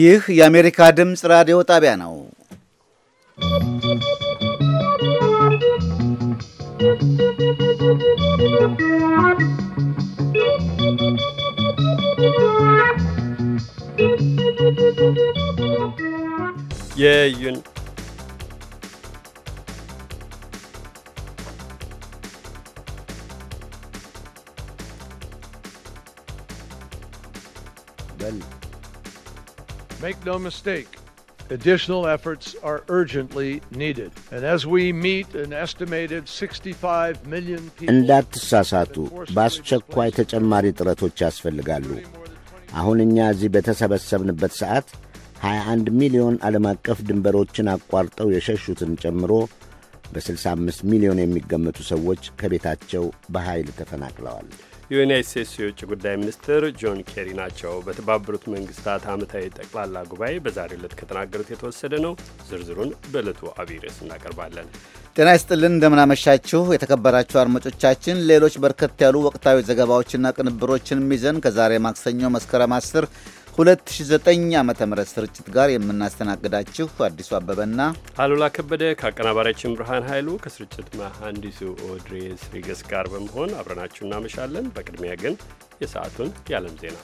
ይህ የአሜሪካ ድምፅ ራዲዮ ጣቢያ ነው። የዩን make no mistake, additional efforts are urgently needed. And as we meet an estimated 65 million people እንዳትሳሳቱ በአስቸኳይ ተጨማሪ ጥረቶች ያስፈልጋሉ። አሁን እኛ እዚህ በተሰበሰብንበት ሰዓት 21 ሚሊዮን ዓለም አቀፍ ድንበሮችን አቋርጠው የሸሹትን ጨምሮ በ65 ሚሊዮን የሚገመቱ ሰዎች ከቤታቸው በኃይል ተፈናቅለዋል። የዩናይት ስቴትስ የውጭ ጉዳይ ሚኒስትር ጆን ኬሪ ናቸው። በተባበሩት መንግስታት ዓመታዊ ጠቅላላ ጉባኤ በዛሬ ዕለት ከተናገሩት የተወሰደ ነው። ዝርዝሩን በዕለቱ አብይ ርዕስ እናቀርባለን። ጤና ይስጥልን፣ እንደምናመሻችሁ የተከበራችሁ አድማጮቻችን። ሌሎች በርከት ያሉ ወቅታዊ ዘገባዎችና ቅንብሮችን ይዘን ከዛሬ ማክሰኞ መስከረም 10 2009 ዓ ም ስርጭት ጋር የምናስተናግዳችሁ አዲሱ አበበና አሉላ ከበደ ከአቀናባሪያችን ብርሃን ኃይሉ ከስርጭት መሐንዲሱ ኦድሬስ ሪገስ ጋር በመሆን አብረናችሁ እናመሻለን። በቅድሚያ ግን የሰዓቱን የዓለም ዜና።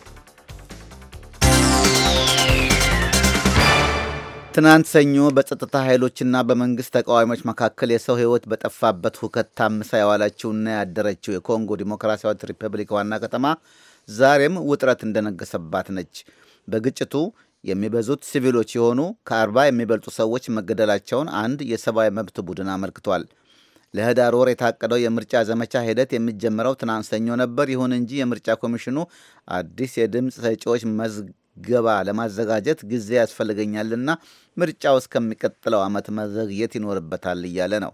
ትናንት ሰኞ በጸጥታ ኃይሎችና በመንግሥት ተቃዋሚዎች መካከል የሰው ሕይወት በጠፋበት ሁከት ታምሳ የዋለችውና ያደረችው የኮንጎ ዲሞክራሲያዊት ሪፐብሊክ ዋና ከተማ ዛሬም ውጥረት እንደነገሰባት ነች። በግጭቱ የሚበዙት ሲቪሎች የሆኑ ከአርባ የሚበልጡ ሰዎች መገደላቸውን አንድ የሰብአዊ መብት ቡድን አመልክቷል። ለህዳር ወር የታቀደው የምርጫ ዘመቻ ሂደት የሚጀምረው ትናንት ሰኞ ነበር። ይሁን እንጂ የምርጫ ኮሚሽኑ አዲስ የድምፅ ሰጪዎች መዝገባ ለማዘጋጀት ጊዜ ያስፈልገኛልና ምርጫው እስከሚቀጥለው ዓመት መዘግየት ይኖርበታል እያለ ነው።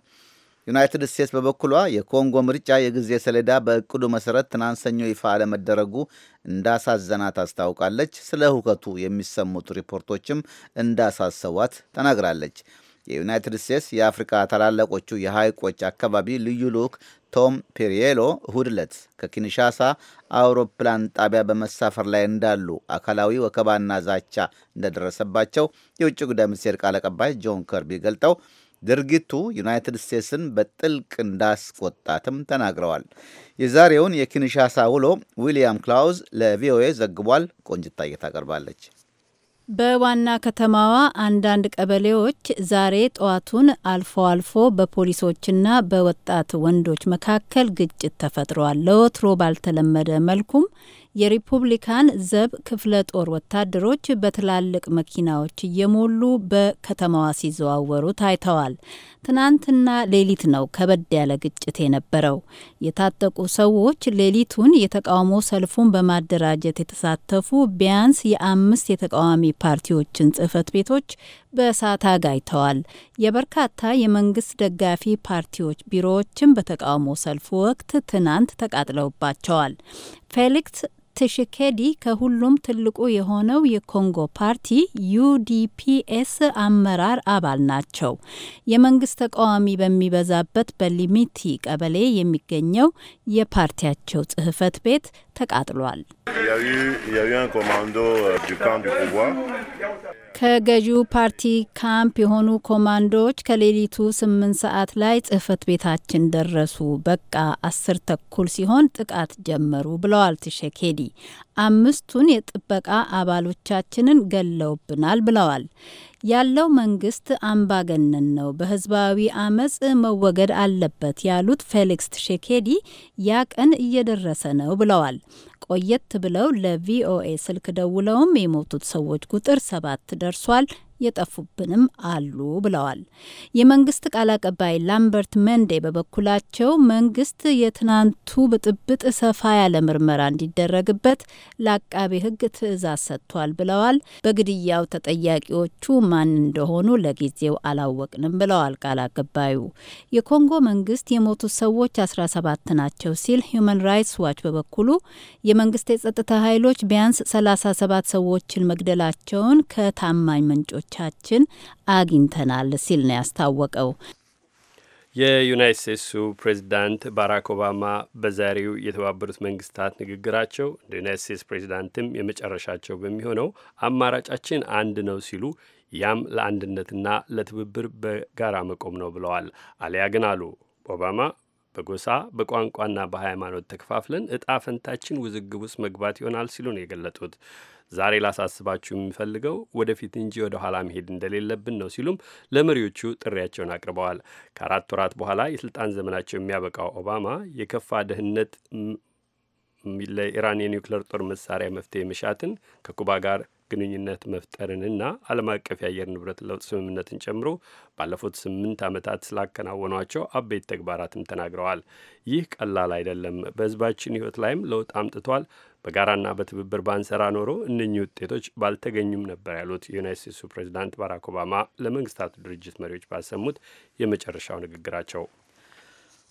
ዩናይትድ ስቴትስ በበኩሏ የኮንጎ ምርጫ የጊዜ ሰሌዳ በእቅዱ መሠረት ትናንት ሰኞ ይፋ አለመደረጉ እንዳሳዘናት አስታውቃለች። ስለ ሁከቱ የሚሰሙት ሪፖርቶችም እንዳሳሰቧት ተናግራለች። የዩናይትድ ስቴትስ የአፍሪካ ታላላቆቹ የሐይቆች አካባቢ ልዩ ልዑክ ቶም ፔሪየሎ እሁድ ዕለት ከኪንሻሳ አውሮፕላን ጣቢያ በመሳፈር ላይ እንዳሉ አካላዊ ወከባና ዛቻ እንደደረሰባቸው የውጭ ጉዳይ ሚኒስቴር ቃል አቀባይ ጆን ከርቢ ገልጠው ድርጊቱ ዩናይትድ ስቴትስን በጥልቅ እንዳስቆጣትም ተናግረዋል። የዛሬውን የኪንሻሳ ውሎ ዊሊያም ክላውዝ ለቪኦኤ ዘግቧል። ቆንጅታየ ታቀርባለች። በዋና ከተማዋ አንዳንድ ቀበሌዎች ዛሬ ጠዋቱን አልፎ አልፎ በፖሊሶችና በወጣት ወንዶች መካከል ግጭት ተፈጥሯል። ለወትሮ ባልተለመደ መልኩም የሪፑብሊካን ዘብ ክፍለ ጦር ወታደሮች በትላልቅ መኪናዎች እየሞሉ በከተማዋ ሲዘዋወሩ ታይተዋል። ትናንትና ሌሊት ነው ከበድ ያለ ግጭት የነበረው። የታጠቁ ሰዎች ሌሊቱን የተቃውሞ ሰልፉን በማደራጀት የተሳተፉ ቢያንስ የአምስት የተቃዋሚ ፓርቲዎችን ጽህፈት ቤቶች በእሳት አጋይተዋል። የበርካታ የመንግስት ደጋፊ ፓርቲዎች ቢሮዎችን በተቃውሞ ሰልፉ ወቅት ትናንት ተቃጥለውባቸዋል። ፌሊክስ ትሽኬዲ ከሁሉም ትልቁ የሆነው የኮንጎ ፓርቲ ዩዲፒኤስ አመራር አባል ናቸው። የመንግስት ተቃዋሚ በሚበዛበት በሊሚቲ ቀበሌ የሚገኘው የፓርቲያቸው ጽህፈት ቤት ተቃጥሏል። ከገዢው ፓርቲ ካምፕ የሆኑ ኮማንዶዎች ከሌሊቱ ስምንት ሰዓት ላይ ጽህፈት ቤታችን ደረሱ። በቃ አስር ተኩል ሲሆን ጥቃት ጀመሩ ብለዋል ትሸኬዲ። አምስቱን የጥበቃ አባሎቻችንን ገለውብናል ብለዋል። ያለው መንግስት አምባገነን ነው፣ በህዝባዊ አመፅ መወገድ አለበት ያሉት ፌሊክስ ትሼኬዲ ያ ቀን እየደረሰ ነው ብለዋል። ቆየት ብለው ለቪኦኤ ስልክ ደውለውም የሞቱት ሰዎች ቁጥር ሰባት ደርሷል የጠፉብንም አሉ ብለዋል። የመንግስት ቃል አቀባይ ላምበርት መንዴ በበኩላቸው መንግስት የትናንቱ ብጥብጥ ሰፋ ያለ ምርመራ እንዲደረግበት ለአቃቤ ሕግ ትዕዛዝ ሰጥቷል ብለዋል። በግድያው ተጠያቂዎቹ ማን እንደሆኑ ለጊዜው አላወቅንም ብለዋል ቃል አቀባዩ። የኮንጎ መንግስት የሞቱት ሰዎች 17 ናቸው ሲል ሁማን ራይትስ ዋች በበኩሉ የመንግስት የጸጥታ ኃይሎች ቢያንስ 37 ሰዎችን መግደላቸውን ከታማኝ ምንጮች አድማጮቻችን አግኝተናል ሲል ነው ያስታወቀው። የዩናይት ስቴትሱ ፕሬዚዳንት ባራክ ኦባማ በዛሬው የተባበሩት መንግስታት ንግግራቸው እንደ ዩናይት ስቴትስ ፕሬዚዳንትም የመጨረሻቸው በሚሆነው አማራጫችን አንድ ነው ሲሉ ያም ለአንድነትና ለትብብር በጋራ መቆም ነው ብለዋል። አሊያ ግን አሉ ኦባማ በጎሳ በቋንቋና በሃይማኖት ተከፋፍለን እጣ ፈንታችን ውዝግብ ውስጥ መግባት ይሆናል ሲሉ ነው የገለጡት። ዛሬ ላሳስባችሁ የሚፈልገው ወደፊት እንጂ ወደ ኋላ መሄድ እንደሌለብን ነው ሲሉም ለመሪዎቹ ጥሪያቸውን አቅርበዋል። ከአራት ወራት በኋላ የስልጣን ዘመናቸው የሚያበቃው ኦባማ የከፋ ደህንነት ለኢራን የኒውክሌር ጦር መሳሪያ መፍትሄ መሻትን ከኩባ ጋር ግንኙነት መፍጠርንና ዓለም አቀፍ የአየር ንብረት ለውጥ ስምምነትን ጨምሮ ባለፉት ስምንት ዓመታት ስላከናወኗቸው አበይት ተግባራትም ተናግረዋል። ይህ ቀላል አይደለም፣ በህዝባችን ህይወት ላይም ለውጥ አምጥቷል። በጋራና በትብብር ባንሰራ ኖሮ እነኚህ ውጤቶች ባልተገኙም ነበር ያሉት የዩናይት ስቴትሱ ፕሬዚዳንት ባራክ ኦባማ ለመንግስታቱ ድርጅት መሪዎች ባሰሙት የመጨረሻው ንግግራቸው።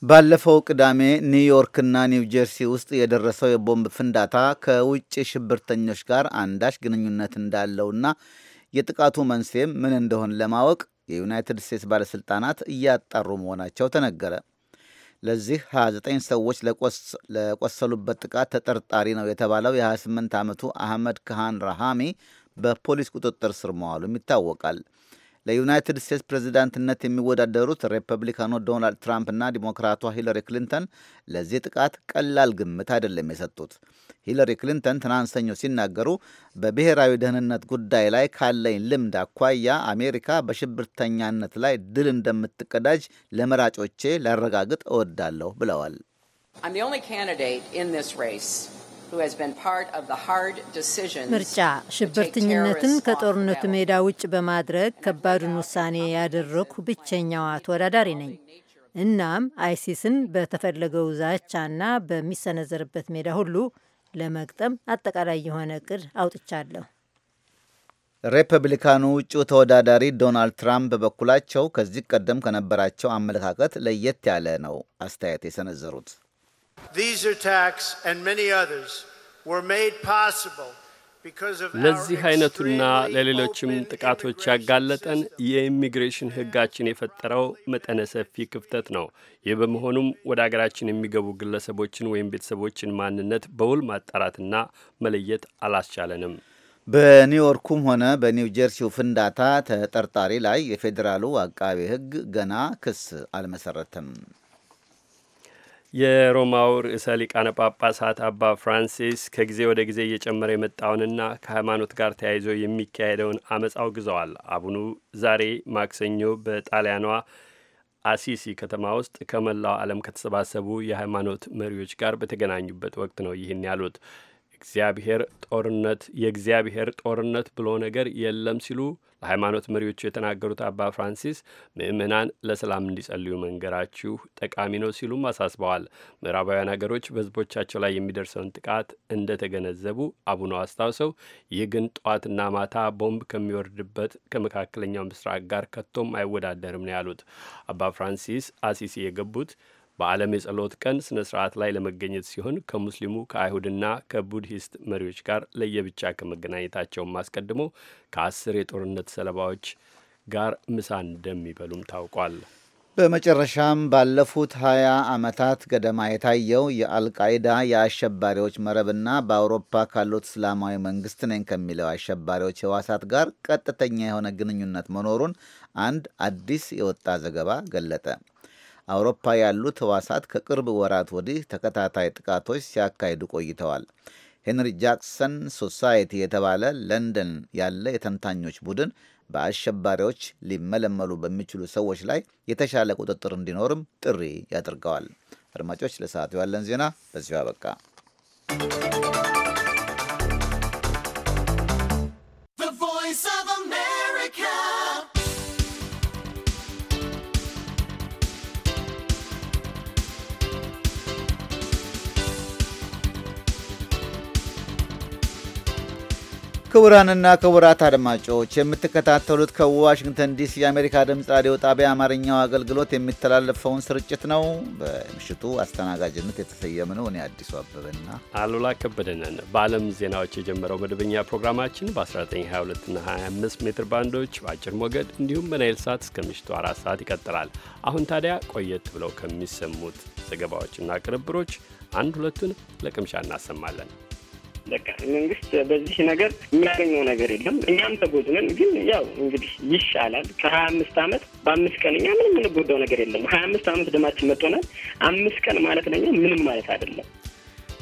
ባለፈው ቅዳሜ ኒውዮርክና ኒው ጀርሲ ውስጥ የደረሰው የቦምብ ፍንዳታ ከውጭ ሽብርተኞች ጋር አንዳች ግንኙነት እንዳለውና የጥቃቱ መንስኤም ምን እንደሆን ለማወቅ የዩናይትድ ስቴትስ ባለሥልጣናት እያጣሩ መሆናቸው ተነገረ። ለዚህ 29 ሰዎች ለቆሰሉበት ጥቃት ተጠርጣሪ ነው የተባለው የ28 ዓመቱ አህመድ ካህን ረሃሚ በፖሊስ ቁጥጥር ስር መዋሉም ይታወቃል። ለዩናይትድ ስቴትስ ፕሬዚዳንትነት የሚወዳደሩት ሪፐብሊካኑ ዶናልድ ትራምፕ እና ዲሞክራቷ ሂለሪ ክሊንተን ለዚህ ጥቃት ቀላል ግምት አይደለም የሰጡት። ሂለሪ ክሊንተን ትናንት ሰኞ ሲናገሩ በብሔራዊ ደህንነት ጉዳይ ላይ ካለኝ ልምድ አኳያ አሜሪካ በሽብርተኛነት ላይ ድል እንደምትቀዳጅ ለመራጮቼ ላረጋግጥ እወዳለሁ ብለዋል። ምርጫ ሽብርተኝነትን ከጦርነቱ ሜዳ ውጭ በማድረግ ከባዱን ውሳኔ ያደረግኩ ብቸኛዋ ተወዳዳሪ ነኝ። እናም አይሲስን በተፈለገው ዛቻና በሚሰነዘርበት ሜዳ ሁሉ ለመግጠም አጠቃላይ የሆነ እቅድ አውጥቻለሁ። ሪፐብሊካኑ እጩ ተወዳዳሪ ዶናልድ ትራምፕ በበኩላቸው ከዚህ ቀደም ከነበራቸው አመለካከት ለየት ያለ ነው አስተያየት የሰነዘሩት። ለዚህ አይነቱና ለሌሎችም ጥቃቶች ያጋለጠን የኢሚግሬሽን ሕጋችን የፈጠረው መጠነ ሰፊ ክፍተት ነው። ይህ በመሆኑም ወደ አገራችን የሚገቡ ግለሰቦችን ወይም ቤተሰቦችን ማንነት በውል ማጣራትና መለየት አላስቻለንም። በኒውዮርኩም ሆነ በኒው ጀርሲው ፍንዳታ ተጠርጣሪ ላይ የፌዴራሉ አቃቤ ሕግ ገና ክስ አልመሰረተም። የሮማው ርዕሰ ሊቃነ ጳጳሳት አባ ፍራንሲስ ከጊዜ ወደ ጊዜ እየጨመረ የመጣውንና ከሃይማኖት ጋር ተያይዞ የሚካሄደውን አመፅ አውግዘዋል። አቡኑ ዛሬ ማክሰኞ በጣሊያኗ አሲሲ ከተማ ውስጥ ከመላው ዓለም ከተሰባሰቡ የሃይማኖት መሪዎች ጋር በተገናኙበት ወቅት ነው ይህን ያሉት። እግዚአብሔር ጦርነት የእግዚአብሔር ጦርነት ብሎ ነገር የለም ሲሉ ለሃይማኖት መሪዎቹ የተናገሩት አባ ፍራንሲስ ምእመናን ለሰላም እንዲጸልዩ መንገራችሁ ጠቃሚ ነው ሲሉም አሳስበዋል። ምዕራባውያን ሀገሮች በህዝቦቻቸው ላይ የሚደርሰውን ጥቃት እንደተገነዘቡ አቡነ አስታውሰው ይህ ግን ጠዋትና ማታ ቦምብ ከሚወርድበት ከመካከለኛው ምስራቅ ጋር ከቶም አይወዳደርም ነው ያሉት። አባ ፍራንሲስ አሲሲ የገቡት በዓለም የጸሎት ቀን ስነ ስርዓት ላይ ለመገኘት ሲሆን ከሙስሊሙ ከአይሁድና ከቡድሂስት መሪዎች ጋር ለየብቻ ከመገናኘታቸውም አስቀድሞ ከአስር የጦርነት ሰለባዎች ጋር ምሳ እንደሚበሉም ታውቋል። በመጨረሻም ባለፉት ሀያ ዓመታት ገደማ የታየው የአልቃይዳ የአሸባሪዎች መረብና በአውሮፓ ካሉት እስላማዊ መንግስት ነኝ ከሚለው አሸባሪዎች ህዋሳት ጋር ቀጥተኛ የሆነ ግንኙነት መኖሩን አንድ አዲስ የወጣ ዘገባ ገለጠ። አውሮፓ ያሉት ህዋሳት ከቅርብ ወራት ወዲህ ተከታታይ ጥቃቶች ሲያካሂዱ ቆይተዋል። ሄንሪ ጃክሰን ሶሳይቲ የተባለ ለንደን ያለ የተንታኞች ቡድን በአሸባሪዎች ሊመለመሉ በሚችሉ ሰዎች ላይ የተሻለ ቁጥጥር እንዲኖርም ጥሪ ያደርገዋል። አድማጮች፣ ለሰዓቱ ያለን ዜና በዚሁ አበቃ። ክቡራንና ክቡራት አድማጮች የምትከታተሉት ከዋሽንግተን ዲሲ የአሜሪካ ድምፅ ራዲዮ ጣቢያ አማርኛው አገልግሎት የሚተላለፈውን ስርጭት ነው። በምሽቱ አስተናጋጅነት ነው እኔ አዲሱ አበበና አሉላ ከበደነን። በዓለም ዜናዎች የጀመረው መደበኛ ፕሮግራማችን በ 1922 እና 25 ሜትር ባንዶች በአጭር ሞገድ እንዲሁም በናይል ሰዓት እስከ ምሽቱ አራት ሰዓት ይቀጥላል። አሁን ታዲያ ቆየት ብለው ከሚሰሙት ዘገባዎችና ቅንብሮች አንድ ሁለቱን ለቅምሻ እናሰማለን። በቃ መንግስት በዚህ ነገር የሚያገኘው ነገር የለም። እኛም ተጎድነን፣ ግን ያው እንግዲህ ይሻላል። ከሀያ አምስት አመት በአምስት ቀን እኛ ምንም የምንጎዳው ነገር የለም። ሀያ አምስት አመት ደማችን መጥቶናል። አምስት ቀን ማለት ለኛ ምንም ማለት አይደለም።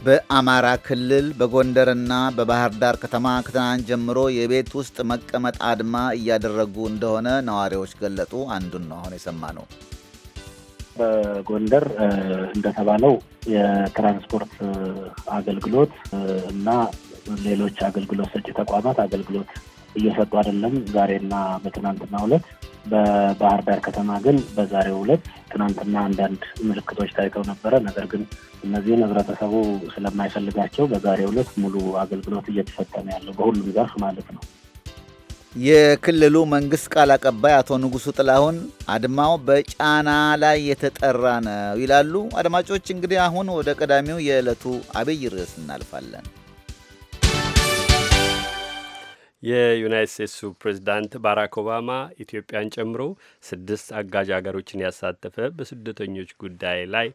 በአማራ ክልል በጎንደርና በባህር ዳር ከተማ ከትናንት ጀምሮ የቤት ውስጥ መቀመጥ አድማ እያደረጉ እንደሆነ ነዋሪዎች ገለጡ። አንዱን ነው አሁን የሰማ ነው። በጎንደር እንደተባለው የትራንስፖርት አገልግሎት እና ሌሎች አገልግሎት ሰጪ ተቋማት አገልግሎት እየሰጡ አይደለም። ዛሬና በትናንትና ሁለት በባህር ዳር ከተማ ግን በዛሬው ሁለት ትናንትና አንዳንድ ምልክቶች ታይተው ነበረ። ነገር ግን እነዚህን ህብረተሰቡ ስለማይፈልጋቸው በዛሬው ሁለት ሙሉ አገልግሎት እየተሰጠ ነው ያለው በሁሉም ዘርፍ ማለት ነው። የክልሉ መንግስት ቃል አቀባይ አቶ ንጉሱ ጥላሁን አድማው በጫና ላይ የተጠራ ነው ይላሉ። አድማጮች እንግዲህ አሁን ወደ ቀዳሚው የዕለቱ አብይ ርዕስ እናልፋለን። የዩናይት ስቴትሱ ፕሬዚዳንት ባራክ ኦባማ ኢትዮጵያን ጨምሮ ስድስት አጋዥ ሀገሮችን ያሳተፈ በስደተኞች ጉዳይ ላይ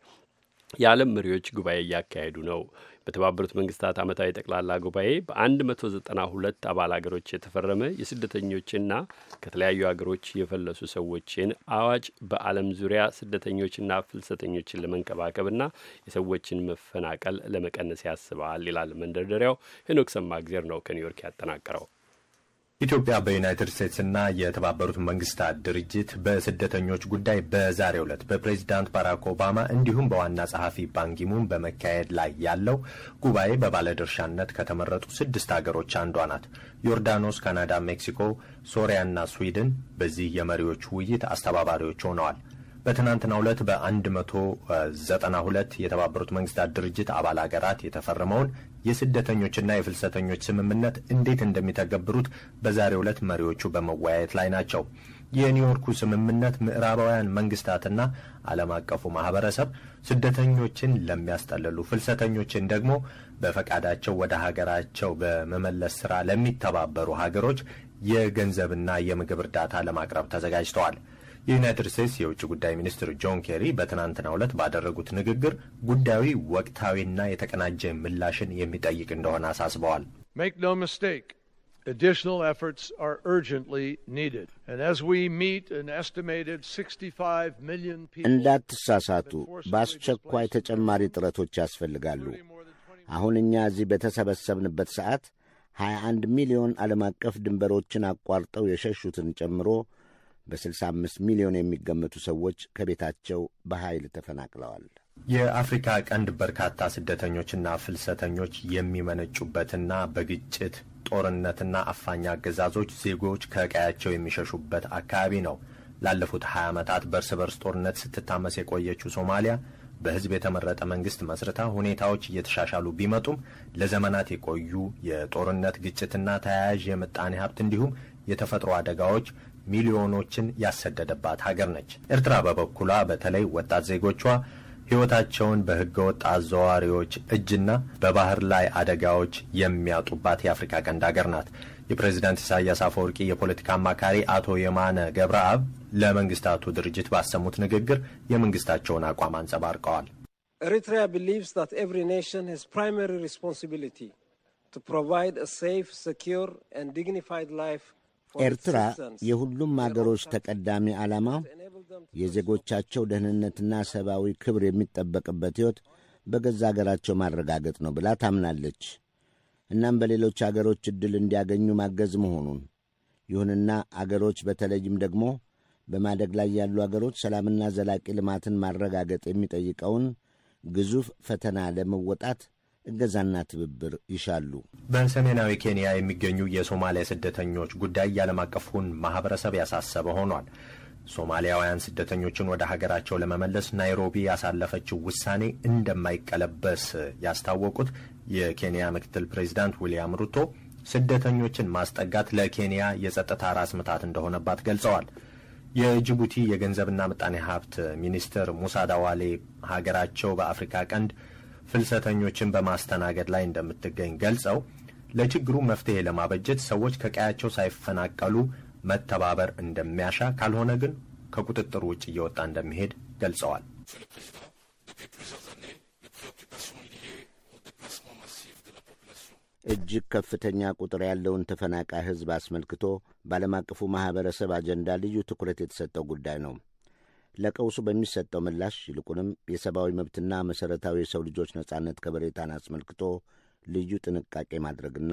የዓለም መሪዎች ጉባኤ እያካሄዱ ነው። በተባበሩት መንግስታት ዓመታዊ ጠቅላላ ጉባኤ በ192 አባል አገሮች የተፈረመ የስደተኞችና ከተለያዩ አገሮች የፈለሱ ሰዎችን አዋጅ በዓለም ዙሪያ ስደተኞችና ፍልሰተኞችን ለመንከባከብና የሰዎችን መፈናቀል ለመቀነስ ያስባል ይላል መንደርደሪያው። ሄኖክ ሰማእግዜር ነው ከኒውዮርክ ያጠናቀረው። ኢትዮጵያ በዩናይትድ ስቴትስና የተባበሩት መንግስታት ድርጅት በስደተኞች ጉዳይ በዛሬ ዕለት በፕሬዚዳንት ባራክ ኦባማ እንዲሁም በዋና ጸሐፊ ባንኪሙን በመካሄድ ላይ ያለው ጉባኤ በባለድርሻነት ከተመረጡ ስድስት አገሮች አንዷ ናት። ዮርዳኖስ፣ ካናዳ፣ ሜክሲኮ፣ ሶሪያና ስዊድን በዚህ የመሪዎች ውይይት አስተባባሪዎች ሆነዋል። በትናንትናው ዕለት በ192 የተባበሩት መንግስታት ድርጅት አባል አገራት የተፈረመውን የስደተኞችና የፍልሰተኞች ስምምነት እንዴት እንደሚተገብሩት በዛሬው ዕለት መሪዎቹ በመወያየት ላይ ናቸው። የኒውዮርኩ ስምምነት ምዕራባውያን መንግስታትና ዓለም አቀፉ ማህበረሰብ ስደተኞችን ለሚያስጠልሉ፣ ፍልሰተኞችን ደግሞ በፈቃዳቸው ወደ ሀገራቸው በመመለስ ስራ ለሚተባበሩ ሀገሮች የገንዘብና የምግብ እርዳታ ለማቅረብ ተዘጋጅተዋል። የዩናይትድ ስቴትስ የውጭ ጉዳይ ሚኒስትር ጆን ኬሪ በትናንትናው ዕለት ባደረጉት ንግግር ጉዳዩ ወቅታዊና የተቀናጀ ምላሽን የሚጠይቅ እንደሆነ አሳስበዋል። እንዳትሳሳቱ፣ በአስቸኳይ ተጨማሪ ጥረቶች ያስፈልጋሉ። አሁን እኛ እዚህ በተሰበሰብንበት ሰዓት 21 ሚሊዮን ዓለም አቀፍ ድንበሮችን አቋርጠው የሸሹትን ጨምሮ በ65 ሚሊዮን የሚገመቱ ሰዎች ከቤታቸው በኃይል ተፈናቅለዋል። የአፍሪካ ቀንድ በርካታ ስደተኞችና ፍልሰተኞች የሚመነጩበትና በግጭት ጦርነትና አፋኝ አገዛዞች ዜጎች ከቀያቸው የሚሸሹበት አካባቢ ነው። ላለፉት 20 ዓመታት በእርስ በርስ ጦርነት ስትታመስ የቆየችው ሶማሊያ በሕዝብ የተመረጠ መንግስት መስርታ ሁኔታዎች እየተሻሻሉ ቢመጡም ለዘመናት የቆዩ የጦርነት ግጭትና ተያያዥ የምጣኔ ሀብት እንዲሁም የተፈጥሮ አደጋዎች ሚሊዮኖችን ያሰደደባት ሀገር ነች። ኤርትራ በበኩሏ በተለይ ወጣት ዜጎቿ ሕይወታቸውን በሕገወጥ አዘዋዋሪዎች እጅና በባህር ላይ አደጋዎች የሚያጡባት የአፍሪካ ቀንድ ሀገር ናት። የፕሬዚዳንት ኢሳያስ አፈወርቂ የፖለቲካ አማካሪ አቶ የማነ ገብረአብ ለመንግስታቱ ድርጅት ባሰሙት ንግግር የመንግስታቸውን አቋም አንጸባርቀዋል። ኤሪትሪያ ቢሊቭስ ዛት ኤቭሪ ኔሽን ሄዝ ፕራይማሪ ሪስፖንሲቢሊቲ ቱ ፕሮቫይድ ሴፍ ሴኪር ኤንድ ዲግኒፋይድ ላይፍ ኤርትራ የሁሉም አገሮች ተቀዳሚ ዓላማ የዜጎቻቸው ደህንነትና ሰብአዊ ክብር የሚጠበቅበት ሕይወት በገዛ አገራቸው ማረጋገጥ ነው ብላ ታምናለች። እናም በሌሎች አገሮች ዕድል እንዲያገኙ ማገዝ መሆኑን ይሁንና አገሮች በተለይም ደግሞ በማደግ ላይ ያሉ አገሮች ሰላምና ዘላቂ ልማትን ማረጋገጥ የሚጠይቀውን ግዙፍ ፈተና ለመወጣት እገዛና ትብብር ይሻሉ። በሰሜናዊ ኬንያ የሚገኙ የሶማሊያ ስደተኞች ጉዳይ የዓለም አቀፉን ማህበረሰብ ያሳሰበ ሆኗል። ሶማሊያውያን ስደተኞችን ወደ ሀገራቸው ለመመለስ ናይሮቢ ያሳለፈችው ውሳኔ እንደማይቀለበስ ያስታወቁት የኬንያ ምክትል ፕሬዚዳንት ዊልያም ሩቶ ስደተኞችን ማስጠጋት ለኬንያ የጸጥታ ራስ ምታት እንደሆነባት ገልጸዋል። የጅቡቲ የገንዘብና ምጣኔ ሀብት ሚኒስትር ሙሳ ዳዋሌ ሀገራቸው በአፍሪካ ቀንድ ፍልሰተኞችን በማስተናገድ ላይ እንደምትገኝ ገልጸው ለችግሩ መፍትሄ ለማበጀት ሰዎች ከቀያቸው ሳይፈናቀሉ መተባበር እንደሚያሻ ካልሆነ ግን ከቁጥጥር ውጭ እየወጣ እንደሚሄድ ገልጸዋል። እጅግ ከፍተኛ ቁጥር ያለውን ተፈናቃይ ሕዝብ አስመልክቶ በዓለም አቀፉ ማኅበረሰብ አጀንዳ ልዩ ትኩረት የተሰጠው ጉዳይ ነው። ለቀውሱ በሚሰጠው ምላሽ ይልቁንም የሰብአዊ መብትና መሠረታዊ የሰው ልጆች ነጻነት ከበሬታን አስመልክቶ ልዩ ጥንቃቄ ማድረግና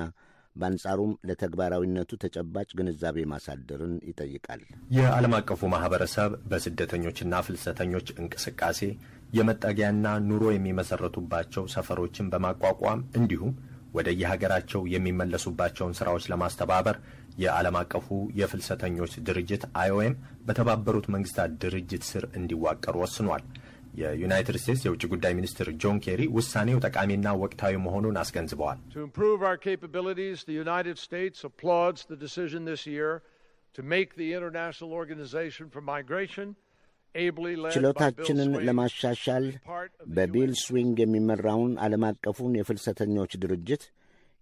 በአንጻሩም ለተግባራዊነቱ ተጨባጭ ግንዛቤ ማሳደርን ይጠይቃል። የዓለም አቀፉ ማህበረሰብ በስደተኞችና ፍልሰተኞች እንቅስቃሴ የመጠጊያና ኑሮ የሚመሰረቱባቸው ሰፈሮችን በማቋቋም እንዲሁም ወደ የሀገራቸው የሚመለሱባቸውን ስራዎች ለማስተባበር የዓለም አቀፉ የፍልሰተኞች ድርጅት አይኦኤም በተባበሩት መንግስታት ድርጅት ስር እንዲዋቀሩ ወስኗል። የዩናይትድ ስቴትስ የውጭ ጉዳይ ሚኒስትር ጆን ኬሪ ውሳኔው ጠቃሚና ወቅታዊ መሆኑን አስገንዝበዋል። ችሎታችንን ለማሻሻል በቢል ስዊንግ የሚመራውን ዓለም አቀፉን የፍልሰተኞች ድርጅት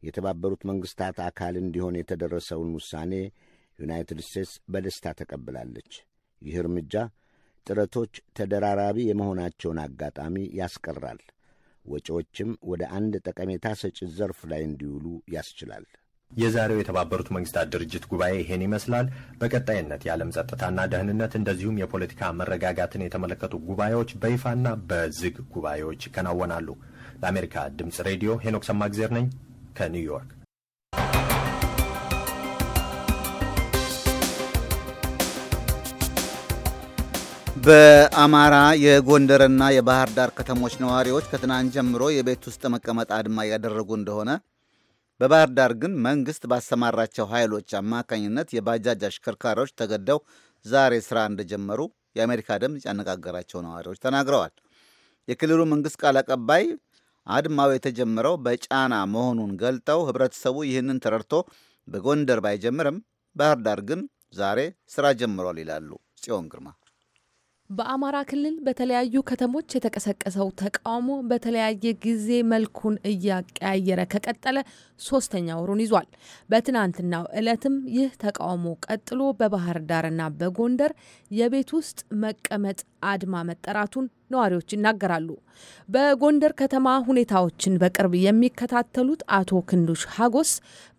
የተባበሩት መንግሥታት አካል እንዲሆን የተደረሰውን ውሳኔ ዩናይትድ ስቴትስ በደስታ ተቀብላለች። ይህ እርምጃ ጥረቶች ተደራራቢ የመሆናቸውን አጋጣሚ ያስቀራል፣ ወጪዎችም ወደ አንድ ጠቀሜታ ሰጪ ዘርፍ ላይ እንዲውሉ ያስችላል። የዛሬው የተባበሩት መንግስታት ድርጅት ጉባኤ ይሄን ይመስላል። በቀጣይነት የዓለም ጸጥታና ደህንነት እንደዚሁም የፖለቲካ መረጋጋትን የተመለከቱ ጉባኤዎች በይፋና በዝግ ጉባኤዎች ይከናወናሉ። ለአሜሪካ ድምፅ ሬዲዮ ሄኖክ ሰማግዜር ነኝ። ከኒውዮርክ በአማራ የጎንደርና የባህር ዳር ከተሞች ነዋሪዎች ከትናንት ጀምሮ የቤት ውስጥ መቀመጥ አድማ እያደረጉ እንደሆነ በባህር ዳር ግን መንግሥት ባሰማራቸው ኃይሎች አማካኝነት የባጃጅ አሽከርካሪዎች ተገደው ዛሬ ሥራ እንደጀመሩ የአሜሪካ ድምፅ ያነጋገራቸው ነዋሪዎች ተናግረዋል። የክልሉ መንግሥት ቃል አቀባይ አድማው የተጀመረው በጫና መሆኑን ገልጠው ህብረተሰቡ ይህንን ተረድቶ በጎንደር ባይጀምርም ባህር ዳር ግን ዛሬ ስራ ጀምሯል ይላሉ። ጽዮን ግርማ። በአማራ ክልል በተለያዩ ከተሞች የተቀሰቀሰው ተቃውሞ በተለያየ ጊዜ መልኩን እያቀያየረ ከቀጠለ ሶስተኛ ወሩን ይዟል። በትናንትናው ዕለትም ይህ ተቃውሞ ቀጥሎ በባህር ዳርና በጎንደር የቤት ውስጥ መቀመጥ አድማ መጠራቱን ነዋሪዎች ይናገራሉ። በጎንደር ከተማ ሁኔታዎችን በቅርብ የሚከታተሉት አቶ ክንዱሽ ሀጎስ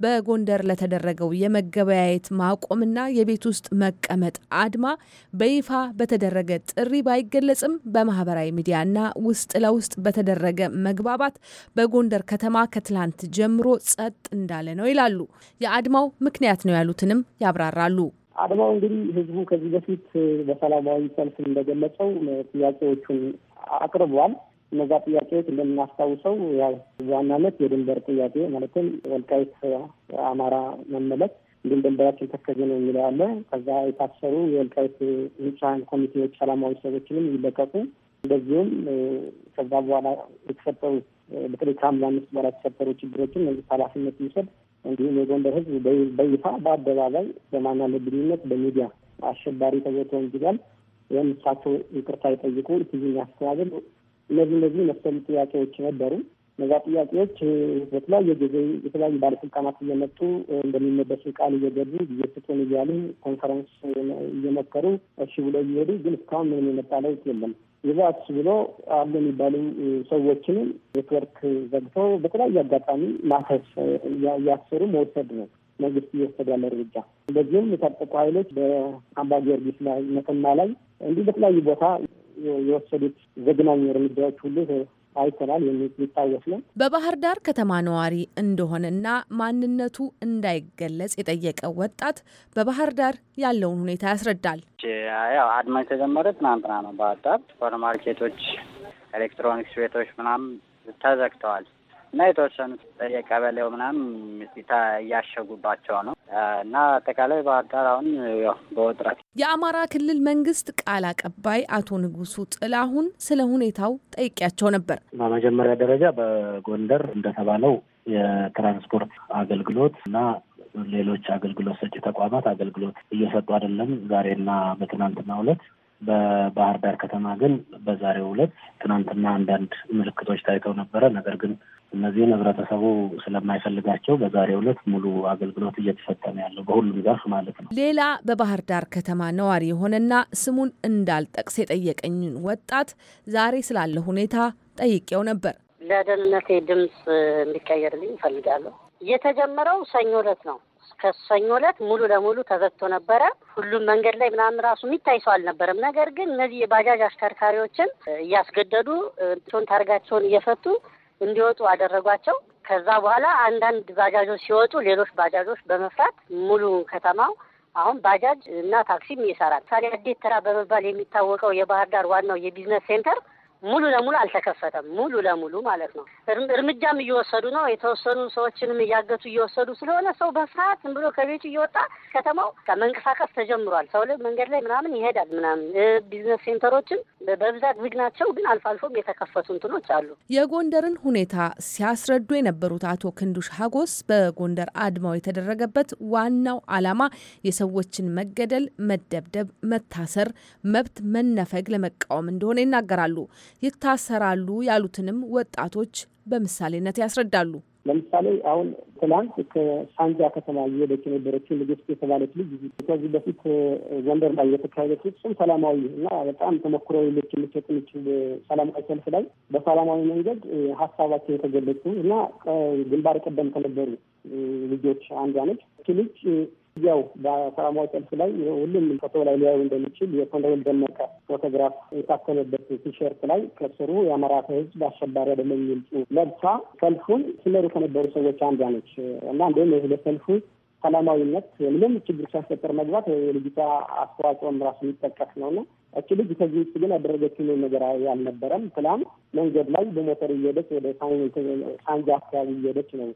በጎንደር ለተደረገው የመገበያየት ማቆምና የቤት ውስጥ መቀመጥ አድማ በይፋ በተደረገ ጥሪ ባይገለጽም በማህበራዊ ሚዲያና ውስጥ ለውስጥ በተደረገ መግባባት በጎንደር ከተማ ከትላንት ጀምሮ ጸጥ እንዳለ ነው ይላሉ። የአድማው ምክንያት ነው ያሉትንም ያብራራሉ። አድማው እንግዲህ ህዝቡ ከዚህ በፊት በሰላማዊ ሰልፍ እንደገለጸው ጥያቄዎቹን አቅርቧል። እነዛ ጥያቄዎች እንደምናስታውሰው ያው በዋናነት የድንበር ጥያቄ ማለትም ወልቃይት አማራ መመለስ እንዲሁም ድንበራችን ተከዜ ነው የሚለው አለ። ከዛ የታሰሩ የወልቃይት ንጹሐን ኮሚቴዎች ሰላማዊ ሰዎችንም ይለቀቁ፣ እንደዚሁም ከዛ በኋላ የተፈጠሩ በተለይ ከሐምሌ አምስት በኋላ የተፈጠሩ ችግሮችን መንግስት ኃላፊነት ይውሰድ እንዲሁም የጎንደር ህዝብ በይፋ በአደባባይ በማና ግንኙነት በሚዲያ አሸባሪ ተገቶ ወንጅሏል። ወይም እሳቸው ይቅርታ ይጠይቁ ትዙ ያስተባብል እነዚህ እነዚህ መሰሉ ጥያቄዎች ነበሩ። እነዛ ጥያቄዎች በተለያየ ጊዜ የተለያዩ ባለስልጣናት እየመጡ እንደሚመደሱ ቃል እየገቡ እየስጡን እያሉ ኮንፈረንስ እየመከሩ እሺ ብሎ እየሄዱ ግን እስካሁን ምንም የመጣ ለውጥ የለም። ይዛት ብሎ አሉ የሚባሉ ሰዎችንም ኔትወርክ ዘግተው በተለያየ አጋጣሚ ማፈስ እያሰሩ መውሰድ ነው መንግስት እየወሰደ ያለ እርምጃ። እንደዚህም የታጠቁ ኃይሎች በአምባ ጊዮርጊስ ላይ መተማ ላይ እንዲህ በተለያዩ ቦታ የወሰዱት ዘግናኝ እርምጃዎች ሁሉ አይተናል የሚታወስ ነው። በባህር ዳር ከተማ ነዋሪ እንደሆነና ማንነቱ እንዳይገለጽ የጠየቀ ወጣት በባህር ዳር ያለውን ሁኔታ ያስረዳል። ያው አድማ የተጀመረ ትናንትና ነው። ባህር ዳር ሱፐር ማርኬቶች፣ ኤሌክትሮኒክስ ቤቶች ምናምን ተዘግተዋል። እና የተወሰኑት የቀበሌው ምናምን እያሸጉባቸው ነው እና አጠቃላይ ባህር ዳር አሁን በውጥረት የአማራ ክልል መንግስት ቃል አቀባይ አቶ ንጉሱ ጥላሁን ስለ ሁኔታው ጠይቂያቸው ነበር። በመጀመሪያ ደረጃ በጎንደር እንደተባለው የትራንስፖርት አገልግሎት እና ሌሎች አገልግሎት ሰጪ ተቋማት አገልግሎት እየሰጡ አይደለም። ዛሬና በትናንትናው ዕለት በባህር ዳር ከተማ ግን በዛሬው ዕለት ትናንትና አንዳንድ ምልክቶች ታይተው ነበረ። ነገር ግን እነዚህ ህብረተሰቡ ስለማይፈልጋቸው በዛሬው ዕለት ሙሉ አገልግሎት እየተፈጠመ ያለው በሁሉም ዘርፍ ማለት ነው። ሌላ በባህር ዳር ከተማ ነዋሪ የሆነና ስሙን እንዳልጠቅስ የጠየቀኝን ወጣት ዛሬ ስላለ ሁኔታ ጠይቄው ነበር። ለደህንነቴ ድምፅ እንዲቀየርልኝ እፈልጋለሁ። የተጀመረው ሰኞ ዕለት ነው እስከ ሰኞ ዕለት ሙሉ ለሙሉ ተዘግቶ ነበረ። ሁሉም መንገድ ላይ ምናምን ራሱ የሚታይ ሰው አልነበረም። ነገር ግን እነዚህ የባጃጅ አሽከርካሪዎችን እያስገደዱ ቸውን ታርጋቸውን እየፈቱ እንዲወጡ አደረጓቸው። ከዛ በኋላ አንዳንድ ባጃጆች ሲወጡ ሌሎች ባጃጆች በመፍራት ሙሉ ከተማው አሁን ባጃጅ እና ታክሲም ይሰራል። ምሳሌ አዴት ተራ በመባል የሚታወቀው የባህር ዳር ዋናው የቢዝነስ ሴንተር ሙሉ ለሙሉ አልተከፈተም። ሙሉ ለሙሉ ማለት ነው። እርምጃም እየወሰዱ ነው። የተወሰኑ ሰዎችንም እያገቱ እየወሰዱ ስለሆነ ሰው በፍርሃት ዝም ብሎ ከቤቱ እየወጣ ከተማው መንቀሳቀስ ተጀምሯል። ሰው መንገድ ላይ ምናምን ይሄዳል ምናምን። ቢዝነስ ሴንተሮችም በብዛት ዝግ ናቸው፣ ግን አልፎ አልፎም የተከፈቱ እንትኖች አሉ። የጎንደርን ሁኔታ ሲያስረዱ የነበሩት አቶ ክንዱሽ ሀጎስ በጎንደር አድማው የተደረገበት ዋናው ዓላማ የሰዎችን መገደል፣ መደብደብ፣ መታሰር፣ መብት መነፈግ ለመቃወም እንደሆነ ይናገራሉ። ይታሰራሉ ያሉትንም ወጣቶች በምሳሌነት ያስረዳሉ። ለምሳሌ አሁን ትናንት ከሳንጃ ከተማ እየሄደች የነበረችው ንግስት የተባለች ልጅ ከዚህ በፊት ጎንደር ላይ የተካሄደ ፍጹም ሰላማዊ እና በጣም ተሞክሮ ልች ልትሰጥ የሚችል ሰላማዊ ሰልፍ ላይ በሰላማዊ መንገድ ሀሳባቸው የተገለጹ እና ግንባር ቀደም ከነበሩ ልጆች አንዷ ነች። ልጅ ያው በሰላማዊ ሰልፍ ላይ ሁሉም ፎቶ ላይ ሊያዩ እንደሚችል የኮሎኔል ደመቀ ፎቶግራፍ የታተመበት ቲሸርት ላይ ከስሩ የአማራ ህዝብ አሸባሪ አይደለም የሚል ጽሑፍ ለብሳ ሰልፉን ሲመሩ ከነበሩ ሰዎች አንዷ ነች እና እንዲሁም የዚህ ለሰልፉ ሰላማዊነት ምንም ችግር ሲያስፈጠር መግባት የልጅቷ አስተዋጽኦም ራሱ የሚጠቀስ ነው ነውና እች ልጅ ከዚህ ውጭ ግን ያደረገችው ነገር አልነበረም። ፕላን መንገድ ላይ በሞተር እየሄደች ወደ ሳንጃ አካባቢ እየሄደች ነው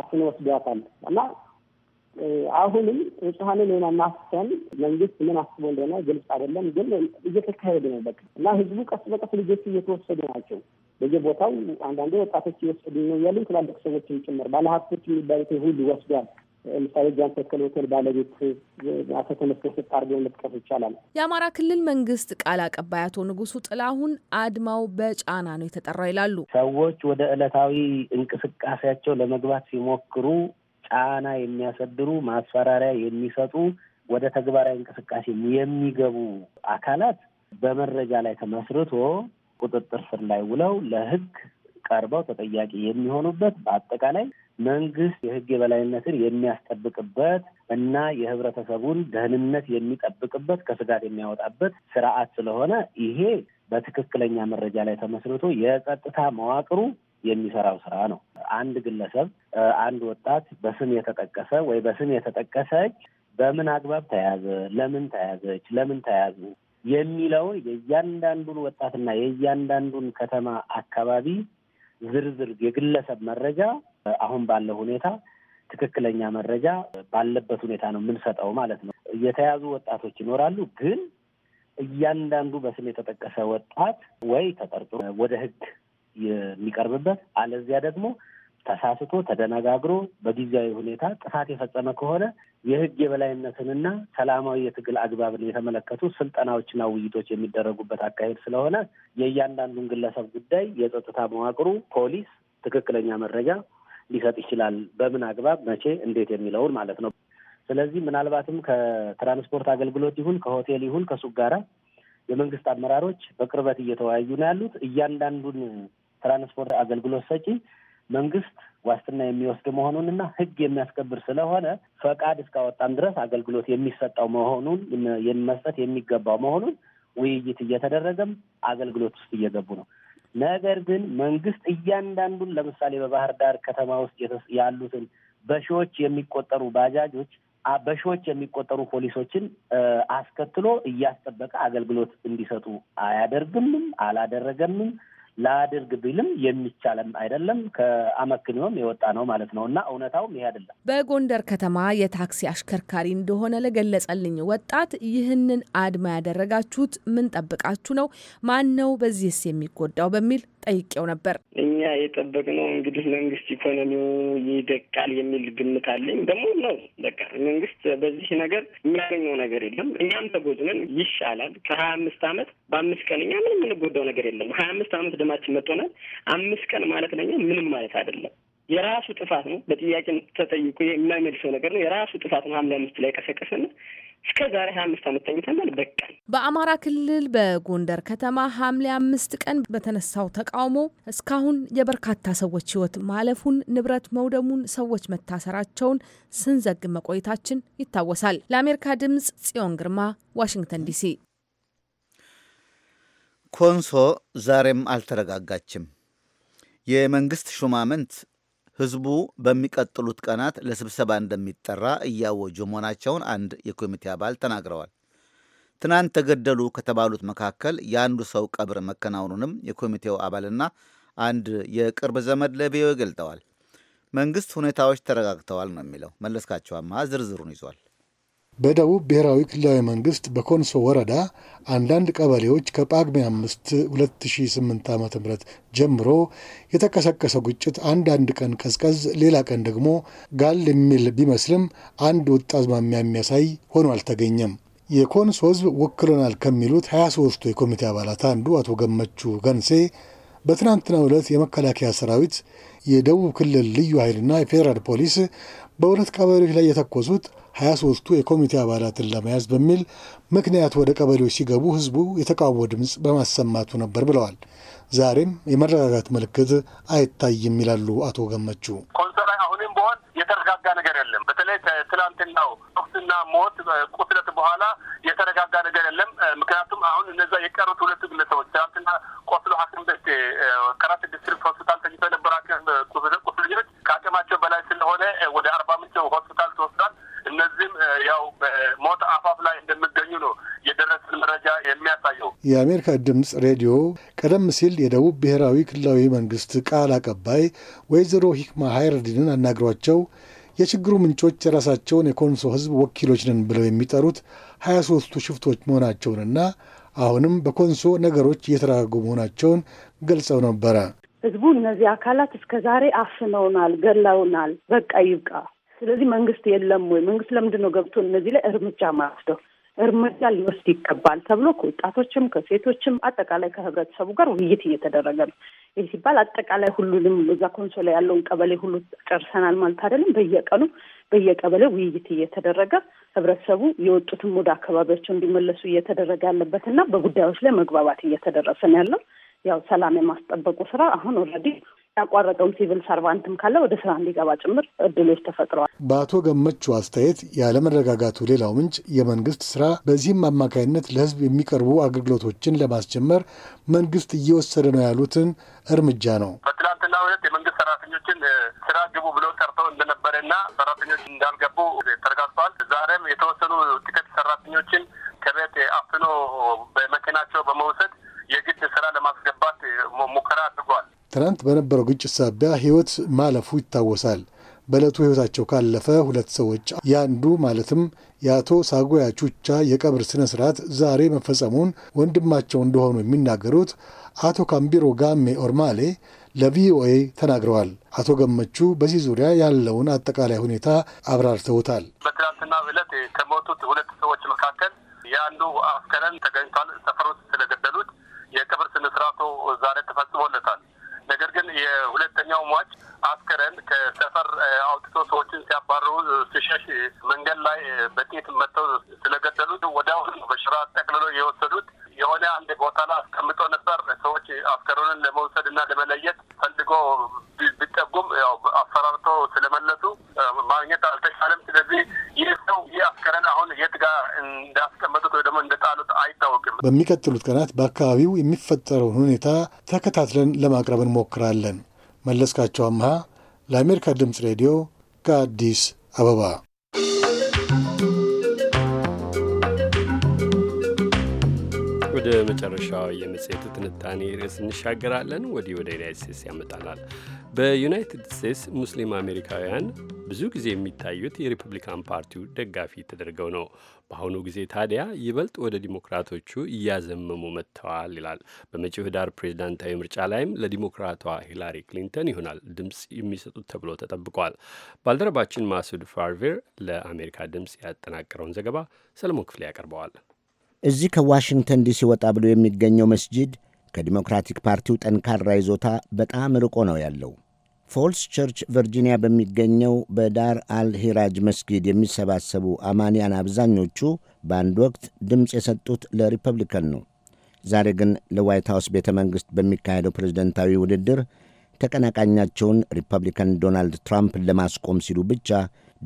አፍኖ ወስዷታል እና አሁንም ንጹሐንን የማማሰን መንግስት ምን አስቦ እንደሆነ ግልጽ አይደለም፣ ግን እየተካሄደ ነው። በቃ እና ህዝቡ ቀስ በቀስ ልጆቹ እየተወሰዱ ናቸው በየቦታው አንዳንዴ ወጣቶች እየወሰዱ ነው ያሉ ትላልቅ ሰዎችን ጭምር ባለሀብቶች የሚባሉት ሁሉ ወስዷል። ለምሳሌ ጃን ተከል ሆቴል ባለቤት አቶ ተመስገን አድርገው መጥቀስ ይቻላል። የአማራ ክልል መንግስት ቃል አቀባይ አቶ ንጉሱ ጥላሁን አድማው በጫና ነው የተጠራው ይላሉ። ሰዎች ወደ ዕለታዊ እንቅስቃሴያቸው ለመግባት ሲሞክሩ ጫና የሚያሳድሩ ማስፈራሪያ የሚሰጡ ወደ ተግባራዊ እንቅስቃሴ የሚገቡ አካላት በመረጃ ላይ ተመስርቶ ቁጥጥር ስር ላይ ውለው ለህግ ቀርበው ተጠያቂ የሚሆኑበት በአጠቃላይ መንግስት የህግ የበላይነትን የሚያስጠብቅበት እና የህብረተሰቡን ደህንነት የሚጠብቅበት ከስጋት የሚያወጣበት ስርዓት ስለሆነ ይሄ በትክክለኛ መረጃ ላይ ተመስርቶ የጸጥታ መዋቅሩ የሚሰራው ስራ ነው። አንድ ግለሰብ፣ አንድ ወጣት በስም የተጠቀሰ ወይ በስም የተጠቀሰች በምን አግባብ ተያዘ፣ ለምን ተያዘች፣ ለምን ተያዙ የሚለውን የእያንዳንዱን ወጣትና የእያንዳንዱን ከተማ አካባቢ ዝርዝር የግለሰብ መረጃ አሁን ባለው ሁኔታ ትክክለኛ መረጃ ባለበት ሁኔታ ነው የምንሰጠው ማለት ነው። የተያዙ ወጣቶች ይኖራሉ ግን እያንዳንዱ በስም የተጠቀሰ ወጣት ወይ ተጠርጥሮ ወደ ሕግ የሚቀርብበት አለዚያ ደግሞ ተሳስቶ ተደነጋግሮ በጊዜያዊ ሁኔታ ጥፋት የፈጸመ ከሆነ የሕግ የበላይነትንና ሰላማዊ የትግል አግባብን የተመለከቱ ስልጠናዎችና ውይይቶች የሚደረጉበት አካሄድ ስለሆነ የእያንዳንዱን ግለሰብ ጉዳይ የጸጥታ መዋቅሩ ፖሊስ ትክክለኛ መረጃ ሊሰጥ ይችላል። በምን አግባብ፣ መቼ፣ እንዴት የሚለውን ማለት ነው። ስለዚህ ምናልባትም ከትራንስፖርት አገልግሎት ይሁን ከሆቴል ይሁን ከሱቅ ጋራ የመንግስት አመራሮች በቅርበት እየተወያዩ ነው ያሉት እያንዳንዱን ትራንስፖርት አገልግሎት ሰጪ መንግስት ዋስትና የሚወስድ መሆኑንና ህግ የሚያስከብር ስለሆነ ፈቃድ እስካወጣም ድረስ አገልግሎት የሚሰጠው መሆኑን መስጠት የሚገባው መሆኑን ውይይት እየተደረገም አገልግሎት ውስጥ እየገቡ ነው። ነገር ግን መንግስት እያንዳንዱን ለምሳሌ በባህር ዳር ከተማ ውስጥ ያሉትን በሺዎች የሚቆጠሩ ባጃጆች፣ በሺዎች የሚቆጠሩ ፖሊሶችን አስከትሎ እያስጠበቀ አገልግሎት እንዲሰጡ አያደርግምም፣ አላደረገምም። ላድርግ ቢልም የሚቻለም አይደለም ከአመክንዮም የወጣ ነው ማለት ነው እና እውነታውም ይሄ አይደለም። በጎንደር ከተማ የታክሲ አሽከርካሪ እንደሆነ ለገለጸልኝ ወጣት ይህንን አድማ ያደረጋችሁት ምን ጠብቃችሁ ነው? ማን ነው በዚህስ የሚጎዳው? በሚል ጠይቄው ነበር። እኛ የጠበቅነው እንግዲህ መንግስት ኢኮኖሚው ይደቃል የሚል ግምት አለኝ። ደግሞ ነው በቃ መንግስት በዚህ ነገር የሚያገኘው ነገር የለም። እኛም ተጎዝነን ይሻላል። ከሀያ አምስት አመት በአምስት ቀን እኛ ምንም የምንጎዳው ነገር የለም። ሀያ አምስት አመት ደማችን መጥቶናል። አምስት ቀን ማለት ለኛ ምንም ማለት አይደለም። የራሱ ጥፋት ነው። በጥያቄ ተጠይቆ የማይመልሰው ነገር ነው። የራሱ ጥፋት ነው። ሐምሌ አምስት ላይ ቀሰቀሰና እስከ ዛሬ ሀያ አምስት አመት ተኝተናል። በቀን በአማራ ክልል በጎንደር ከተማ ሐምሌ አምስት ቀን በተነሳው ተቃውሞ እስካሁን የበርካታ ሰዎች ህይወት ማለፉን፣ ንብረት መውደሙን፣ ሰዎች መታሰራቸውን ስንዘግ መቆየታችን ይታወሳል። ለአሜሪካ ድምጽ ጽዮን ግርማ ዋሽንግተን ዲሲ። ኮንሶ ዛሬም አልተረጋጋችም። የመንግስት ሹማምንት ህዝቡ በሚቀጥሉት ቀናት ለስብሰባ እንደሚጠራ እያወጁ መሆናቸውን አንድ የኮሚቴ አባል ተናግረዋል። ትናንት ተገደሉ ከተባሉት መካከል የአንዱ ሰው ቀብር መከናወኑንም የኮሚቴው አባልና አንድ የቅርብ ዘመድ ለቪኦኤ ገልጠዋል። መንግስት ሁኔታዎች ተረጋግተዋል ነው የሚለው። መለስካቸው አማ ዝርዝሩን ይዟል። በደቡብ ብሔራዊ ክልላዊ መንግስት በኮንሶ ወረዳ አንዳንድ ቀበሌዎች ከጳግሜ 5 2008 ዓ ም ጀምሮ የተቀሰቀሰው ግጭት አንዳንድ ቀን ቀዝቀዝ፣ ሌላ ቀን ደግሞ ጋል የሚል ቢመስልም አንድ ወጥ አዝማሚያ የሚያሳይ ሆኖ አልተገኘም። የኮንሶ ህዝብ ወክለናል ከሚሉት 23ቱ የኮሚቴ አባላት አንዱ አቶ ገመቹ ገንሴ በትናንትናው ዕለት የመከላከያ ሰራዊት የደቡብ ክልል ልዩ ኃይልና የፌዴራል ፖሊስ በሁለት ቀበሌዎች ላይ የተኮሱት 23ቱ የኮሚቴ አባላትን ለመያዝ በሚል ምክንያት ወደ ቀበሌዎች ሲገቡ ህዝቡ የተቃውሞ ድምፅ በማሰማቱ ነበር ብለዋል። ዛሬም የመረጋጋት ምልክት አይታይም ይላሉ አቶ ገመቹ። ኮንሶ ላይ አሁንም በሆን የተረጋጋ ነገር የለም። በተለይ ትላንትናው እና ሞት ቁስለት በኋላ የተረጋጋ ነገር የለም። ምክንያቱም አሁን እነዛ የቀሩት ሁለት ግለሰቦች ትናንትና ቆስሎ ሐኪም ቤት ከራስ ዲስትሪክት ሆስፒታል ተኝቶ የነበረ ቁስለኞች ከአቅማቸው በላይ ስለሆነ ወደ አርባ ምንጭ ሆስፒታል ተወስዷል። እነዚህም ያው ሞት አፋፍ ላይ እንደሚገኙ ነው የደረስን መረጃ የሚያሳየው። የአሜሪካ ድምፅ ሬዲዮ ቀደም ሲል የደቡብ ብሔራዊ ክልላዊ መንግስት ቃል አቀባይ ወይዘሮ ሂክማ ሀይረዲንን አናግሯቸው የችግሩ ምንጮች የራሳቸውን የኮንሶ ህዝብ ወኪሎች ነን ብለው የሚጠሩት 23ቱ ሽፍቶች መሆናቸውንና አሁንም በኮንሶ ነገሮች እየተረጋጉ መሆናቸውን ገልጸው ነበረ። ህዝቡ እነዚህ አካላት እስከ ዛሬ አፍነውናል፣ ገላውናል፣ በቃ ይብቃ። ስለዚህ መንግስት የለም ወይ? መንግስት ለምንድን ነው ገብቶ እነዚህ ላይ እርምጃ ማስደው? እርምጃ ሊወስድ ይገባል ተብሎ ከወጣቶችም ከሴቶችም አጠቃላይ ከህብረተሰቡ ጋር ውይይት እየተደረገ ነው። ይህ ሲባል አጠቃላይ ሁሉንም እዛ ኮንሶ ላይ ያለውን ቀበሌ ሁሉ ጨርሰናል ማለት አይደለም። በየቀኑ በየቀበሌ ውይይት እየተደረገ ህብረተሰቡ የወጡትም ወደ አካባቢያቸው እንዲመለሱ እየተደረገ ያለበት እና በጉዳዮች ላይ መግባባት እየተደረሰ ነው ያለው። ያው ሰላም የማስጠበቁ ስራ አሁን ኦልሬዲ ያቋረጠው ሲቪል ሰርቫንትም ካለ ወደ ስራ እንዲገባ ጭምር እድሎች ተፈጥረዋል። በአቶ ገመቹ አስተያየት ያለመረጋጋቱ ሌላው ምንጭ የመንግስት ስራ፣ በዚህም አማካይነት ለህዝብ የሚቀርቡ አገልግሎቶችን ለማስጀመር መንግስት እየወሰደ ነው ያሉትን እርምጃ ነው። በትላንትናው ሁለት የመንግስት ሰራተኞችን ስራ ግቡ ብለው ጠርተው እንደነበረና ሰራተኞች እንዳልገቡ ተረጋግጧል። ዛሬም የተወሰኑ ጥቂት ሰራተኞችን ከቤት አፍኖ በመኪናቸው በመውሰድ የግድ ስራ ለማስገባት ሙከራ አድርጓል። ትናንት በነበረው ግጭት ሳቢያ ህይወት ማለፉ ይታወሳል። በዕለቱ ህይወታቸው ካለፈ ሁለት ሰዎች የአንዱ ማለትም የአቶ ሳጎያ ቹቻ የቀብር ስነ ስርዓት ዛሬ መፈጸሙን ወንድማቸው እንደሆኑ የሚናገሩት አቶ ካምቢሮ ጋሜ ኦርማሌ ለቪኦኤ ተናግረዋል። አቶ ገመቹ በዚህ ዙሪያ ያለውን አጠቃላይ ሁኔታ አብራርተውታል። በትናንትናው ዕለት ከሞቱት ሁለት ሰዎች መካከል የአንዱ አስከሬን ተገኝቷል። ሰፈሮች ስለገደሉት የቅብር ስነስርዓቱ ዛሬ ተፈጽሞለታል። ነገር ግን የሁለተኛው ሟች አስከረን ከሰፈር አውጥቶ ሰዎችን ሲያባረሩ ሲሸሽ መንገድ ላይ በጤት መጥተው ስለገደሉት ወዲያውኑ በሽራ ጠቅልሎ የወሰዱት የሆነ አንድ ቦታ ላይ አስቀምጦ ነበር። ሰዎች አስከሬኑን ለመውሰድ እና ለመለየት ፈልጎ ቢጠጉም ያው አፈራርቶ ስለመለሱ ማግኘት አልተቻለም። ስለዚህ ይህ ሰው ይህ አስከሬን አሁን የት ጋር እንዳስቀመጡት ወይ ደግሞ እንደጣሉት አይታወቅም። በሚቀጥሉት ቀናት በአካባቢው የሚፈጠረውን ሁኔታ ተከታትለን ለማቅረብ እንሞክራለን። መለስካቸው አምሃ ለአሜሪካ ድምፅ ሬዲዮ ከአዲስ አበባ ወደ መጨረሻው የመጽሔቱ ትንታኔ ርዕስ እንሻገራለን። ወዲህ ወደ ዩናይት ስቴትስ ያመጣናል። በዩናይትድ ስቴትስ ሙስሊም አሜሪካውያን ብዙ ጊዜ የሚታዩት የሪፐብሊካን ፓርቲው ደጋፊ ተደርገው ነው። በአሁኑ ጊዜ ታዲያ ይበልጥ ወደ ዲሞክራቶቹ እያዘመሙ መጥተዋል ይላል። በመጪው ህዳር ፕሬዚዳንታዊ ምርጫ ላይም ለዲሞክራቷ ሂላሪ ክሊንተን ይሆናል ድምፅ የሚሰጡት ተብሎ ተጠብቋል። ባልደረባችን ማሱድ ፋርቬር ለአሜሪካ ድምፅ ያጠናቀረውን ዘገባ ሰለሞን ክፍሌ ያቀርበዋል። እዚህ ከዋሽንግተን ዲሲ ወጣ ብሎ የሚገኘው መስጂድ ከዲሞክራቲክ ፓርቲው ጠንካራ ይዞታ በጣም ርቆ ነው ያለው። ፎልስ ቸርች ቨርጂኒያ በሚገኘው በዳር አልሂራጅ መስጊድ የሚሰባሰቡ አማንያን አብዛኞቹ በአንድ ወቅት ድምፅ የሰጡት ለሪፐብሊካን ነው። ዛሬ ግን ለዋይት ሃውስ ቤተ መንግሥት በሚካሄደው ፕሬዝደንታዊ ውድድር ተቀናቃኛቸውን ሪፐብሊካን ዶናልድ ትራምፕን ለማስቆም ሲሉ ብቻ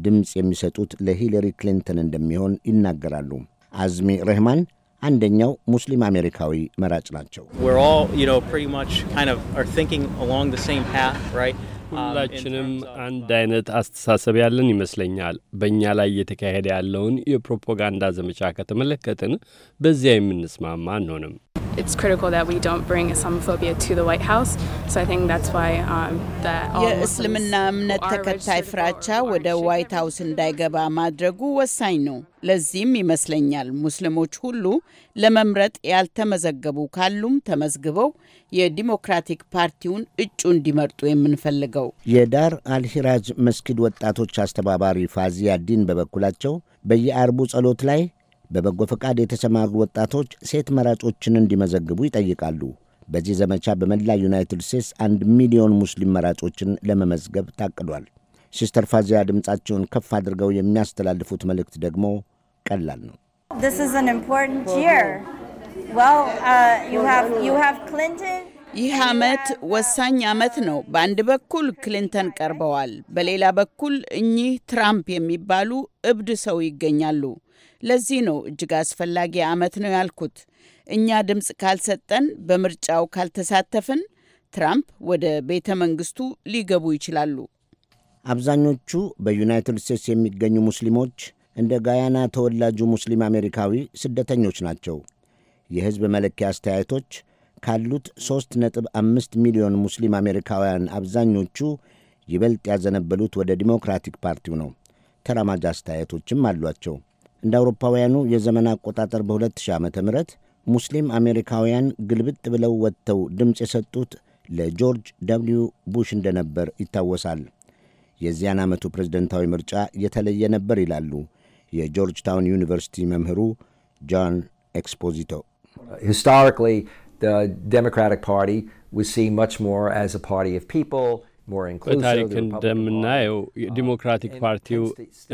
ድምፅ የሚሰጡት ለሂለሪ ክሊንተን እንደሚሆን ይናገራሉ። አዝሚ ረህማን አንደኛው ሙስሊም አሜሪካዊ መራጭ ናቸው። um, ሁላችንም አንድ አይነት አስተሳሰብ ያለን ይመስለኛል። በእኛ ላይ እየተካሄደ ያለውን የፕሮፓጋንዳ ዘመቻ ከተመለከትን በዚያ የምንስማማ አንሆንም። it's የእስልምና እምነት ተከታይ ፍራቻ ወደ ዋይት ሀውስ እንዳይገባ ማድረጉ ወሳኝ ነው። ለዚህም ይመስለኛል ሙስሊሞች ሁሉ ለመምረጥ ያልተመዘገቡ ካሉም ተመዝግበው የዲሞክራቲክ ፓርቲውን እጩ እንዲመርጡ የምንፈልገው። የዳር አልሂራጅ መስጊድ ወጣቶች አስተባባሪ ፋዚያ ዲን በበኩላቸው በየአርቡ ጸሎት ላይ በበጎ ፈቃድ የተሰማሩ ወጣቶች ሴት መራጮችን እንዲመዘግቡ ይጠይቃሉ። በዚህ ዘመቻ በመላ ዩናይትድ ስቴትስ አንድ ሚሊዮን ሙስሊም መራጮችን ለመመዝገብ ታቅዷል። ሲስተር ፋዚያ ድምፃቸውን ከፍ አድርገው የሚያስተላልፉት መልእክት ደግሞ ቀላል ነው። uh, ይህ ዓመት ወሳኝ ዓመት ነው። በአንድ በኩል ክሊንተን ቀርበዋል፣ በሌላ በኩል እኚህ ትራምፕ የሚባሉ እብድ ሰው ይገኛሉ። ለዚህ ነው እጅግ አስፈላጊ ዓመት ነው ያልኩት። እኛ ድምፅ ካልሰጠን፣ በምርጫው ካልተሳተፍን ትራምፕ ወደ ቤተ መንግስቱ ሊገቡ ይችላሉ። አብዛኞቹ በዩናይትድ ስቴትስ የሚገኙ ሙስሊሞች እንደ ጋያና ተወላጁ ሙስሊም አሜሪካዊ ስደተኞች ናቸው። የሕዝብ መለኪያ አስተያየቶች ካሉት 3.5 ሚሊዮን ሙስሊም አሜሪካውያን አብዛኞቹ ይበልጥ ያዘነበሉት ወደ ዲሞክራቲክ ፓርቲው ነው። ተራማጅ አስተያየቶችም አሏቸው። እንደ አውሮፓውያኑ የዘመን አቆጣጠር በ2000 ዓ ም ሙስሊም አሜሪካውያን ግልብጥ ብለው ወጥተው ድምፅ የሰጡት ለጆርጅ ደብልዩ ቡሽ እንደነበር ይታወሳል። የዚያን ዓመቱ ፕሬዝደንታዊ ምርጫ የተለየ ነበር ይላሉ የጆርጅ ታውን ዩኒቨርሲቲ መምህሩ ጆን ኤክስፖዚቶ። ሂስቶሪካሊ ዴሞክራቲክ ፓርቲ በታሪክ እንደምናየው ዲሞክራቲክ ፓርቲው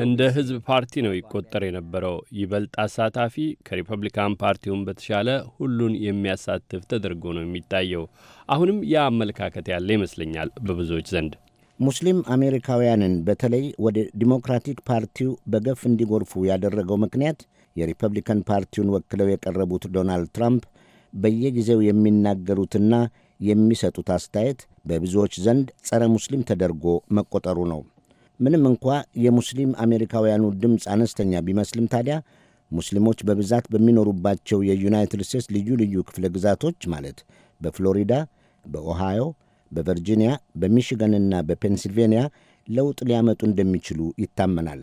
እንደ ህዝብ ፓርቲ ነው ይቆጠር የነበረው። ይበልጥ አሳታፊ ከሪፐብሊካን ፓርቲውን በተሻለ ሁሉን የሚያሳትፍ ተደርጎ ነው የሚታየው። አሁንም ያ አመለካከት ያለ ይመስለኛል በብዙዎች ዘንድ። ሙስሊም አሜሪካውያንን በተለይ ወደ ዲሞክራቲክ ፓርቲው በገፍ እንዲጎርፉ ያደረገው ምክንያት የሪፐብሊካን ፓርቲውን ወክለው የቀረቡት ዶናልድ ትራምፕ በየጊዜው የሚናገሩትና የሚሰጡት አስተያየት በብዙዎች ዘንድ ጸረ ሙስሊም ተደርጎ መቆጠሩ ነው። ምንም እንኳ የሙስሊም አሜሪካውያኑ ድምፅ አነስተኛ ቢመስልም ታዲያ ሙስሊሞች በብዛት በሚኖሩባቸው የዩናይትድ ስቴትስ ልዩ ልዩ ክፍለ ግዛቶች ማለት በፍሎሪዳ፣ በኦሃዮ፣ በቨርጂኒያ፣ በሚሽገንና በፔንሲልቬንያ ለውጥ ሊያመጡ እንደሚችሉ ይታመናል።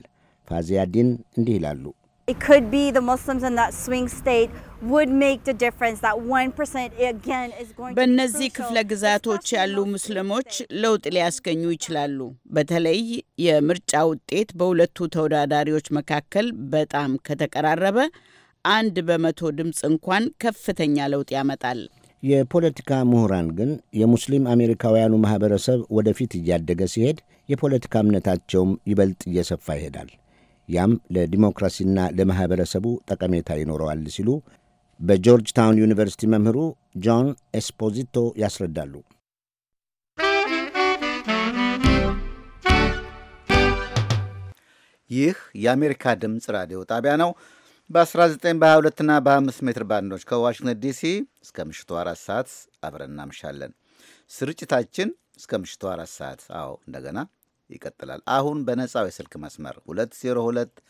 ፋዚያዲን እንዲህ ይላሉ። It could be the Muslims in that swing state በእነዚህ ክፍለ ግዛቶች ያሉ ሙስሊሞች ለውጥ ሊያስገኙ ይችላሉ። በተለይ የምርጫ ውጤት በሁለቱ ተወዳዳሪዎች መካከል በጣም ከተቀራረበ አንድ በመቶ ድምፅ እንኳን ከፍተኛ ለውጥ ያመጣል። የፖለቲካ ምሁራን ግን የሙስሊም አሜሪካውያኑ ማህበረሰብ ወደፊት እያደገ ሲሄድ የፖለቲካ እምነታቸውም ይበልጥ እየሰፋ ይሄዳል። ያም ለዲሞክራሲና ለማኅበረሰቡ ጠቀሜታ ይኖረዋል ሲሉ በጆርጅ ታውን ዩኒቨርሲቲ መምህሩ ጆን ኤስፖዚቶ ያስረዳሉ። ይህ የአሜሪካ ድምፅ ራዲዮ ጣቢያ ነው። በ19 በ22 እና በ25 ሜትር ባንዶች ከዋሽንግተን ዲሲ እስከ ምሽቱ አራት ሰዓት አብረን እናምሻለን። ስርጭታችን እስከ ምሽቱ አራት ሰዓት አዎ፣ እንደገና ይቀጥላል። አሁን በነጻው የስልክ መስመር 202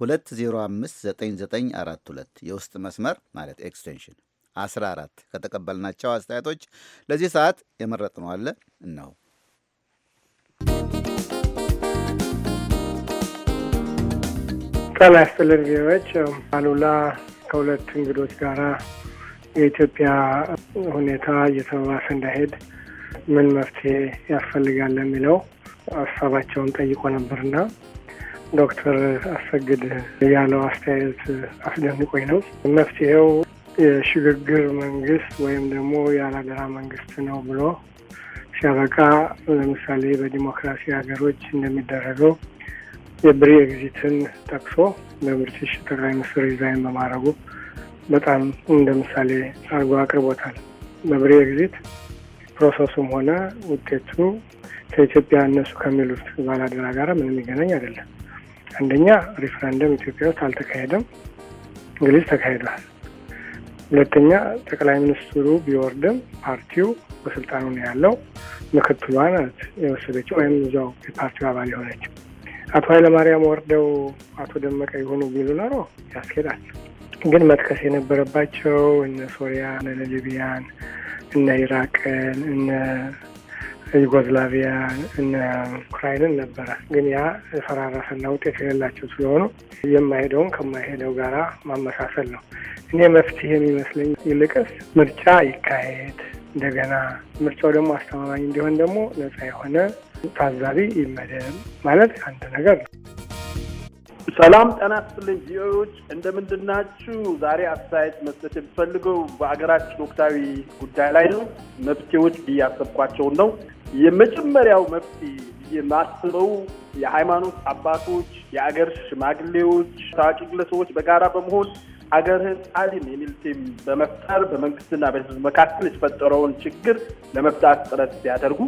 2059942 የውስጥ መስመር ማለት ኤክስቴንሽን 14 ከተቀበልናቸው አስተያየቶች ለዚህ ሰዓት የመረጥነው አለ ነው። ጠላ ያስጥልን ዜዎች አሉላ ከሁለቱ እንግዶች ጋር የኢትዮጵያ ሁኔታ እየተባባሰ እንዳይሄድ ምን መፍትሄ ያስፈልጋል የሚለው ሀሳባቸውን ጠይቆ ነበርና ዶክተር አሰግድ ያለው አስተያየት አስደንቆኝ ነው። መፍትሄው የሽግግር መንግስት ወይም ደግሞ የአላገራ መንግስት ነው ብሎ ሲያበቃ፣ ለምሳሌ በዲሞክራሲ ሀገሮች እንደሚደረገው የብሪ ኤግዚትን ጠቅሶ በብሪቲሽ ጠቅላይ ሚኒስትር ሪዛይን በማድረጉ በጣም እንደ ምሳሌ አድርጎ አቅርቦታል። በብሪ ኤግዚት ፕሮሰሱም ሆነ ውጤቱ ከኢትዮጵያ እነሱ ከሚሉት ባላደራ ጋር ምንም ይገናኝ አይደለም። አንደኛ ሪፍራንደም ኢትዮጵያ ውስጥ አልተካሄደም፣ እንግሊዝ ተካሂዷል። ሁለተኛ ጠቅላይ ሚኒስትሩ ቢወርድም ፓርቲው በስልጣኑ ነው ያለው። ምክትሏን የወሰደችው ወይም እዛው የፓርቲው አባል የሆነችው። አቶ ኃይለማርያም ወርደው አቶ ደመቀ የሆኑ ቢሉ ኖሮ ያስኬዳል። ግን መጥቀስ የነበረባቸው እነ ሶሪያን፣ እነ ሊቢያን፣ እነ ኢራቅን፣ እነ ዩጎዝላቪያ እና ኩራይንን ነበረ። ግን ያ የፈራረሰና ውጤት የሌላቸው ስለሆኑ የማይሄደውን ከማይሄደው ጋራ ማመሳሰል ነው። እኔ መፍትሄ የሚመስለኝ ይልቅስ ምርጫ ይካሄድ እንደገና ምርጫው ደግሞ አስተማማኝ እንዲሆን ደግሞ ነጻ የሆነ ታዛቢ ይመደብ ማለት አንድ ነገር ነው። ሰላም ጤና ይስጥልኝ። ቪኦኤዎች እንደምንድናችሁ? ዛሬ አስተያየት መስጠት የምፈልገው በሀገራችን ወቅታዊ ጉዳይ ላይ ነው። መፍትሄዎች እያሰብኳቸውን ነው የመጀመሪያው መፍትሄ የማስበው የሃይማኖት አባቶች፣ የአገር ሽማግሌዎች፣ ታዋቂ ግለሰቦች በጋራ በመሆን አገርህን ጣሊም የሚል ቲም በመፍጠር በመንግስትና በህዝብ መካከል የተፈጠረውን ችግር ለመፍታት ጥረት ሲያደርጉ፣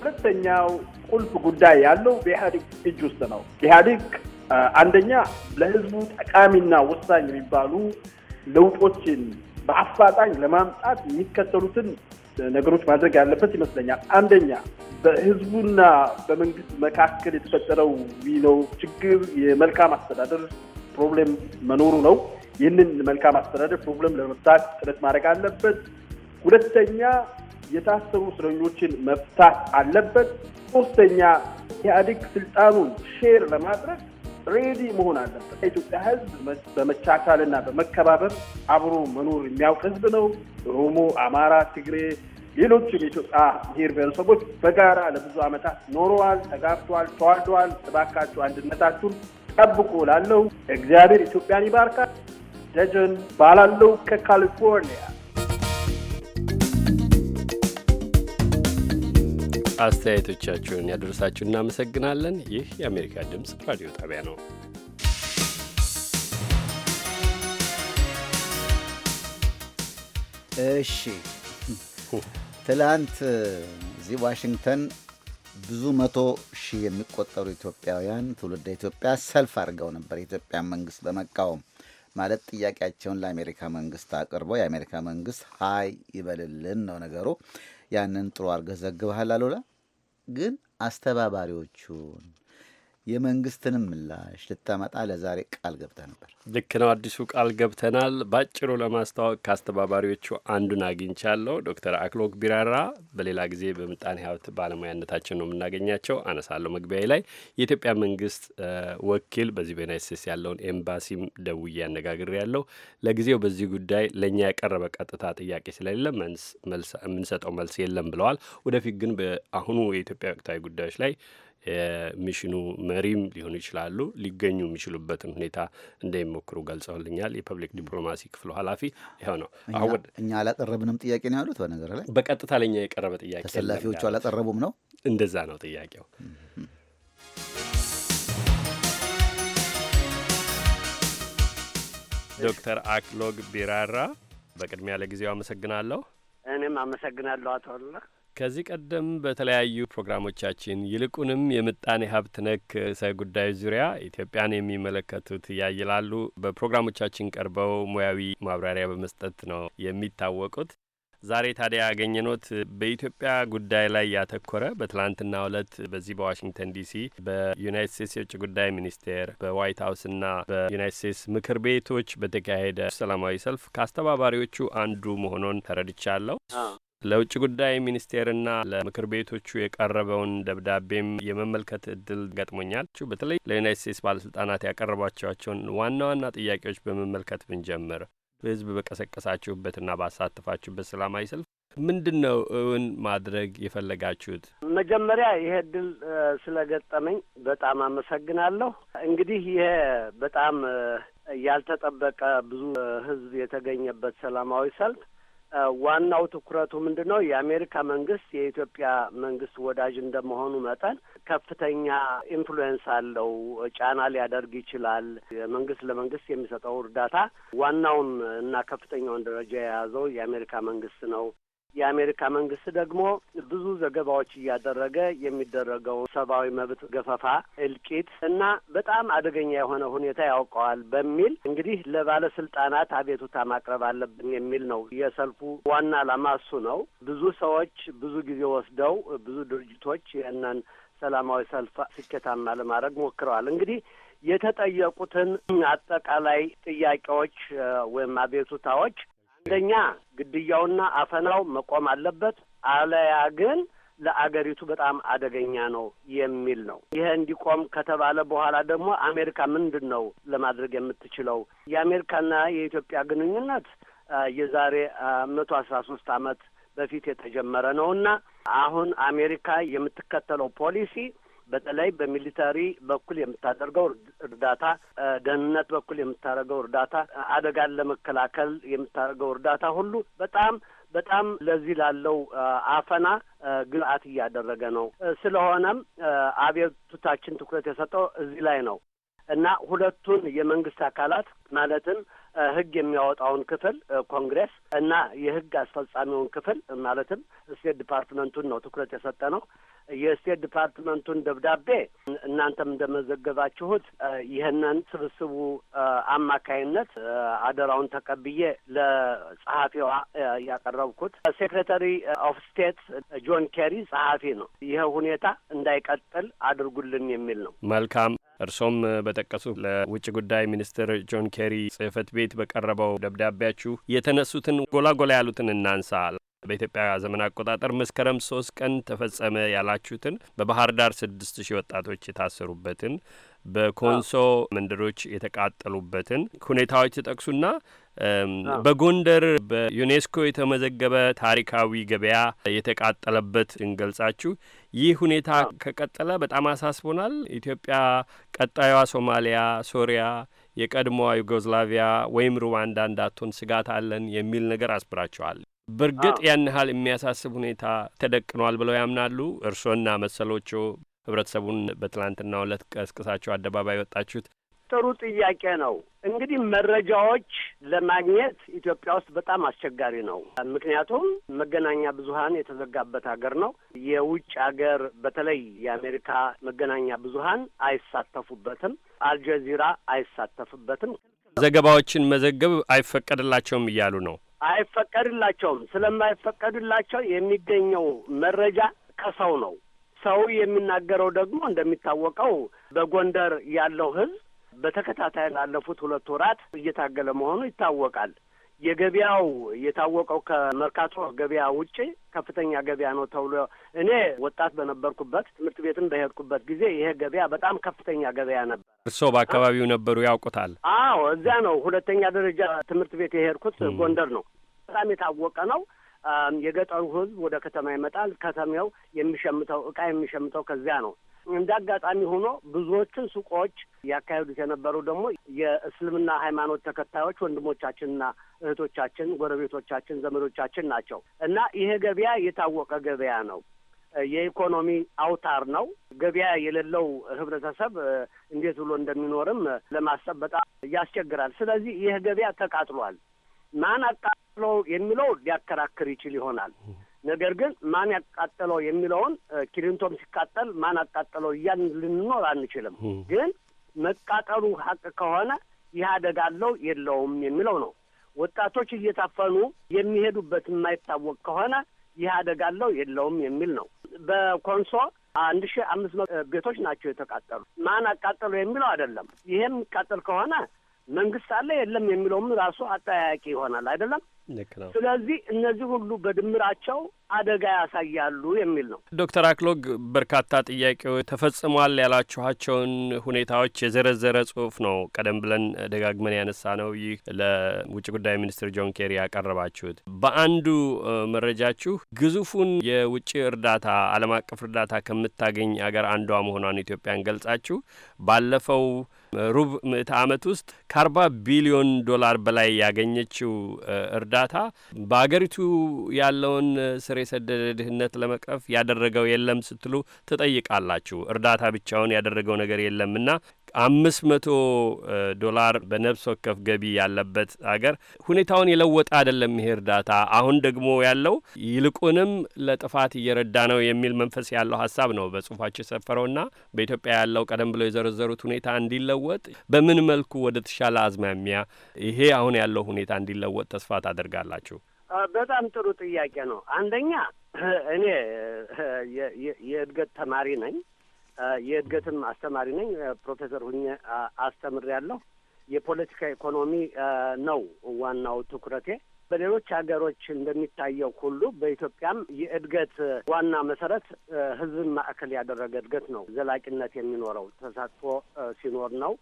ሁለተኛው ቁልፍ ጉዳይ ያለው በኢህአዴግ እጅ ውስጥ ነው። ኢህአዴግ አንደኛ ለህዝቡ ጠቃሚና ወሳኝ የሚባሉ ለውጦችን በአፋጣኝ ለማምጣት የሚከተሉትን ነገሮች ማድረግ ያለበት ይመስለኛል። አንደኛ በህዝቡና በመንግስት መካከል የተፈጠረው ነው ችግር የመልካም አስተዳደር ፕሮብሌም መኖሩ ነው። ይህንን መልካም አስተዳደር ፕሮብለም ለመፍታት ጥረት ማድረግ አለበት። ሁለተኛ የታሰሩ እስረኞችን መፍታት አለበት። ሶስተኛ ኢህአዴግ ስልጣኑን ሼር ለማድረግ ሬዲ መሆን አለበት። ኢትዮጵያ ህዝብ በመቻቻልና በመከባበር አብሮ መኖር የሚያውቅ ህዝብ ነው። ኦሮሞ፣ አማራ፣ ትግሬ ሌሎችም የኢትዮጵያ ብሔር ብሔረሰቦች በጋራ ለብዙ ዓመታት ኖረዋል፣ ተጋብተዋል፣ ተዋልደዋል። እባካችሁ አንድነታችሁን ጠብቁ። ላለው እግዚአብሔር ኢትዮጵያን ይባርካል። ደጀን ባላለው ከካሊፎርኒያ አስተያየቶቻችሁን ያደረሳችሁ እናመሰግናለን። ይህ የአሜሪካ ድምፅ ራዲዮ ጣቢያ ነው። እሺ ትላንት እዚህ ዋሽንግተን ብዙ መቶ ሺህ የሚቆጠሩ ኢትዮጵያውያን ትውልደ ኢትዮጵያ ሰልፍ አድርገው ነበር። የኢትዮጵያ መንግስት በመቃወም ማለት ጥያቄያቸውን ለአሜሪካ መንግስት አቅርበው የአሜሪካ መንግስት ሀይ ይበልልን ነው ነገሩ። ያንን ጥሩ አድርገህ ዘግበሃል አሉላ ግን አስተባባሪዎቹን የመንግስትንም ምላሽ ልታመጣ ለዛሬ ቃል ገብተ ነበር። ልክ ነው አዲሱ ቃል ገብተናል። ባጭሩ ለማስተዋወቅ ከአስተባባሪዎቹ አንዱን አግኝቻለሁ። ዶክተር አክሎክ ቢራራ በሌላ ጊዜ በምጣኔ ሀብት ባለሙያነታችን ነው የምናገኛቸው። አነሳለሁ መግቢያ ላይ የኢትዮጵያ መንግስት ወኪል በዚህ በዩናይት ስቴትስ ያለውን ኤምባሲም ደውዬ አነጋግሬ ያለው ለጊዜው በዚህ ጉዳይ ለእኛ ያቀረበ ቀጥታ ጥያቄ ስለሌለ የምንሰጠው መልስ የለም ብለዋል። ወደፊት ግን በአሁኑ የኢትዮጵያ ወቅታዊ ጉዳዮች ላይ የሚሽኑ መሪም ሊሆኑ ይችላሉ ሊገኙ የሚችሉበትን ሁኔታ እንደሚሞክሩ ገልጸውልኛል። የፐብሊክ ዲፕሎማሲ ክፍሉ ኃላፊ ይኸው ነው። አሁን እኛ አላጠረብንም ጥያቄ ነው ያሉት። በነገር ላይ በቀጥታ ለኛ የቀረበ ጥያቄ ተሰላፊዎቹ አላጠረቡም ነው። እንደዛ ነው ጥያቄው። ዶክተር አክሎግ ቢራራ በቅድሚያ ለጊዜው አመሰግናለሁ። እኔም አመሰግናለሁ አቶ ከዚህ ቀደም በተለያዩ ፕሮግራሞቻችን ይልቁንም የምጣኔ ሀብት ነክ ሰ ጉዳዮች ዙሪያ ኢትዮጵያን የሚመለከቱት ያይላሉ በፕሮግራሞቻችን ቀርበው ሙያዊ ማብራሪያ በመስጠት ነው የሚታወቁት። ዛሬ ታዲያ ያገኘኖት በኢትዮጵያ ጉዳይ ላይ ያተኮረ በትላንትና እለት በዚህ በዋሽንግተን ዲሲ በዩናይት ስቴትስ የውጭ ጉዳይ ሚኒስቴር በዋይት ሀውስና በዩናይት ስቴትስ ምክር ቤቶች በተካሄደ ሰላማዊ ሰልፍ ከአስተባባሪዎቹ አንዱ መሆኑን ተረድቻለሁ። ለውጭ ጉዳይ ሚኒስቴርና ለምክር ቤቶቹ የቀረበውን ደብዳቤም የመመልከት እድል ገጥሞኛል። በተለይ ለዩናይት ስቴትስ ባለስልጣናት ያቀረቧቸዋቸውን ዋና ዋና ጥያቄዎች በመመልከት ብንጀምር በህዝብ በቀሰቀሳችሁበትና ባሳተፋችሁበት ሰላማዊ ሰልፍ ምንድን ነው እውን ማድረግ የፈለጋችሁት? መጀመሪያ ይሄ እድል ስለገጠመኝ በጣም አመሰግናለሁ። እንግዲህ ይሄ በጣም ያልተጠበቀ ብዙ ህዝብ የተገኘበት ሰላማዊ ሰልፍ ዋናው ትኩረቱ ምንድን ነው? የአሜሪካ መንግስት የኢትዮጵያ መንግስት ወዳጅ እንደመሆኑ መጠን ከፍተኛ ኢንፍሉዌንስ አለው፣ ጫና ሊያደርግ ይችላል። የመንግስት ለመንግስት የሚሰጠው እርዳታ ዋናውን እና ከፍተኛውን ደረጃ የያዘው የአሜሪካ መንግስት ነው። የአሜሪካ መንግስት ደግሞ ብዙ ዘገባዎች እያደረገ የሚደረገው ሰብአዊ መብት ገፈፋ፣ እልቂት እና በጣም አደገኛ የሆነ ሁኔታ ያውቀዋል በሚል እንግዲህ ለባለስልጣናት አቤቱታ ማቅረብ አለብን የሚል ነው የሰልፉ ዋና አላማ እሱ ነው። ብዙ ሰዎች ብዙ ጊዜ ወስደው ብዙ ድርጅቶች ይህንን ሰላማዊ ሰልፍ ስኬታማ ለማድረግ ሞክረዋል። እንግዲህ የተጠየቁትን አጠቃላይ ጥያቄዎች ወይም አቤቱታዎች አንደኛ ግድያውና አፈናው መቆም አለበት፣ አለያ ግን ለአገሪቱ በጣም አደገኛ ነው የሚል ነው። ይሄ እንዲቆም ከተባለ በኋላ ደግሞ አሜሪካ ምንድን ነው ለማድረግ የምትችለው? የአሜሪካና የኢትዮጵያ ግንኙነት የዛሬ መቶ አስራ ሶስት አመት በፊት የተጀመረ ነውና አሁን አሜሪካ የምትከተለው ፖሊሲ በተለይ በሚሊተሪ በኩል የምታደርገው እርዳታ፣ ደህንነት በኩል የምታደርገው እርዳታ፣ አደጋን ለመከላከል የምታደርገው እርዳታ ሁሉ በጣም በጣም ለዚህ ላለው አፈና ግብአት እያደረገ ነው። ስለሆነም አቤቱታችን ትኩረት የሰጠው እዚህ ላይ ነው እና ሁለቱን የመንግስት አካላት ማለትም ህግ የሚያወጣውን ክፍል ኮንግሬስ እና የህግ አስፈጻሚውን ክፍል ማለትም ስቴት ዲፓርትመንቱን ነው ትኩረት የሰጠ ነው። የስቴት ዲፓርትመንቱን ደብዳቤ እናንተም እንደመዘገባችሁት ይህንን ስብስቡ አማካይነት አደራውን ተቀብዬ ለጸሐፊዋ ያቀረብኩት ሴክሬታሪ ኦፍ ስቴት ጆን ኬሪ ጸሐፊ ነው። ይህ ሁኔታ እንዳይቀጥል አድርጉልን የሚል ነው። መልካም። እርሶም በጠቀሱ ለውጭ ጉዳይ ሚኒስትር ጆን ኬሪ ጽህፈት ቤት በቀረበው ደብዳቤያችሁ የተነሱትን ጎላጎላ ያሉትን እናንሳ። በኢትዮጵያ ዘመን አቆጣጠር መስከረም ሶስት ቀን ተፈጸመ ያላችሁትን በባህር ዳር ስድስት ሺህ ወጣቶች የታሰሩበትን በኮንሶ መንደሮች የተቃጠሉበትን ሁኔታዎች ተጠቅሱና በጎንደር በዩኔስኮ የተመዘገበ ታሪካዊ ገበያ የተቃጠለበት እንገልጻችሁ። ይህ ሁኔታ ከቀጠለ በጣም አሳስቦናል። ኢትዮጵያ ቀጣዩዋ ሶማሊያ፣ ሶሪያ፣ የቀድሞዋ ዩጎዝላቪያ ወይም ሩዋንዳ እንዳትሆን ስጋት አለን የሚል ነገር አስብራችኋል። በእርግጥ ያን ያህል የሚያሳስብ ሁኔታ ተደቅኗል ብለው ያምናሉ? እርስዎና መሰሎቹ ህብረተሰቡን በትላንትና ዕለት ቀስቅሳቸው አደባባይ ወጣችሁት? ጥሩ ጥያቄ ነው። እንግዲህ መረጃዎች ለማግኘት ኢትዮጵያ ውስጥ በጣም አስቸጋሪ ነው። ምክንያቱም መገናኛ ብዙኃን የተዘጋበት ሀገር ነው። የውጭ ሀገር በተለይ የአሜሪካ መገናኛ ብዙኃን አይሳተፉበትም። አልጀዚራ አይሳተፍበትም። ዘገባዎችን መዘገብ አይፈቀድላቸውም እያሉ ነው አይፈቀድላቸውም። ስለማይፈቀድላቸው የሚገኘው መረጃ ከሰው ነው። ሰው የሚናገረው ደግሞ እንደሚታወቀው በጎንደር ያለው ህዝብ በተከታታይ ላለፉት ሁለት ወራት እየታገለ መሆኑ ይታወቃል። የገበያው የታወቀው ከመርካቶ ገበያ ውጪ ከፍተኛ ገበያ ነው ተብሎ እኔ ወጣት በነበርኩበት ትምህርት ቤትን በሄድኩበት ጊዜ ይሄ ገበያ በጣም ከፍተኛ ገበያ ነበር። እርስዎ በአካባቢው ነበሩ ያውቁታል? አዎ፣ እዚያ ነው ሁለተኛ ደረጃ ትምህርት ቤት የሄድኩት ጎንደር ነው። በጣም የታወቀ ነው። የገጠሩ ሕዝብ ወደ ከተማ ይመጣል። ከተማው የሚሸምተው እቃ የሚሸምተው ከዚያ ነው። እንደ አጋጣሚ ሆኖ ብዙዎችን ሱቆች ያካሄዱት የነበሩ ደግሞ የእስልምና ሃይማኖት ተከታዮች ወንድሞቻችንና እህቶቻችን፣ ጎረቤቶቻችን፣ ዘመዶቻችን ናቸው እና ይሄ ገበያ የታወቀ ገበያ ነው። የኢኮኖሚ አውታር ነው። ገበያ የሌለው ህብረተሰብ እንዴት ብሎ እንደሚኖርም ለማሰብ በጣም ያስቸግራል። ስለዚህ ይህ ገበያ ተቃጥሏል። ማን አቃጥሎ የሚለው ሊያከራክር ይችል ይሆናል። ነገር ግን ማን ያቃጠለው የሚለውን ኪሪንቶም ሲቃጠል ማን አቃጠለው እያን ልንኖር አንችልም። ግን መቃጠሉ ሀቅ ከሆነ ይህ አደጋ አለው የለውም የሚለው ነው። ወጣቶች እየታፈኑ የሚሄዱበት የማይታወቅ ከሆነ ይህ አደጋ አለው የለውም የሚል ነው። በኮንሶ አንድ ሺህ አምስት መቶ ቤቶች ናቸው የተቃጠሉ። ማን አቃጠሉ የሚለው አይደለም። ይሄ የሚቃጠል ከሆነ መንግስት አለ የለም የሚለውም ራሱ አጠያያቂ ይሆናል አይደለም። ስለዚህ እነዚህ ሁሉ በድምራቸው አደጋ ያሳያሉ የሚል ነው። ዶክተር አክሎግ በርካታ ጥያቄዎች ተፈጽሟል ያላችኋቸውን ሁኔታዎች የዘረዘረ ጽሁፍ ነው። ቀደም ብለን ደጋግመን ያነሳ ነው። ይህ ለውጭ ጉዳይ ሚኒስትር ጆን ኬሪ ያቀረባችሁት በአንዱ መረጃችሁ ግዙፉን የውጭ እርዳታ ዓለም አቀፍ እርዳታ ከምታገኝ አገር አንዷ መሆኗን ኢትዮጵያን ገልጻችሁ ባለፈው ሩብ ምዕተ ዓመት ውስጥ ከአርባ ቢሊዮን ዶላር በላይ ያገኘችው እርዳታ በአገሪቱ ያለውን ስር የሰደደ ድህነት ለመቅረፍ ያደረገው የለም ስትሉ ትጠይቃላችሁ። እርዳታ ብቻውን ያደረገው ነገር የለምና አምስት መቶ ዶላር በነብስ ወከፍ ገቢ ያለበት አገር ሁኔታውን የለወጠ አይደለም ይሄ እርዳታ። አሁን ደግሞ ያለው ይልቁንም ለጥፋት እየረዳ ነው የሚል መንፈስ ያለው ሀሳብ ነው በጽሁፋቸው የሰፈረውና በኢትዮጵያ ያለው ቀደም ብለው የዘረዘሩት ሁኔታ እንዲለወጥ በምን መልኩ ወደ ተሻለ አዝማሚያ ይሄ አሁን ያለው ሁኔታ እንዲለወጥ ተስፋ ታደርጋላችሁ? በጣም ጥሩ ጥያቄ ነው። አንደኛ እኔ የእድገት ተማሪ ነኝ። የእድገትም አስተማሪ ነኝ። ፕሮፌሰር ሁኜ ያለሁ የፖለቲካ ኢኮኖሚ ነው ዋናው ትኩረቴ። በሌሎች ሀገሮች እንደሚታየው ሁሉ በኢትዮጵያም የእድገት ዋና መሰረት ህዝብን ማዕከል ያደረገ እድገት ነው። ዘላቂነት የሚኖረው ተሳትፎ ሲኖር ነው።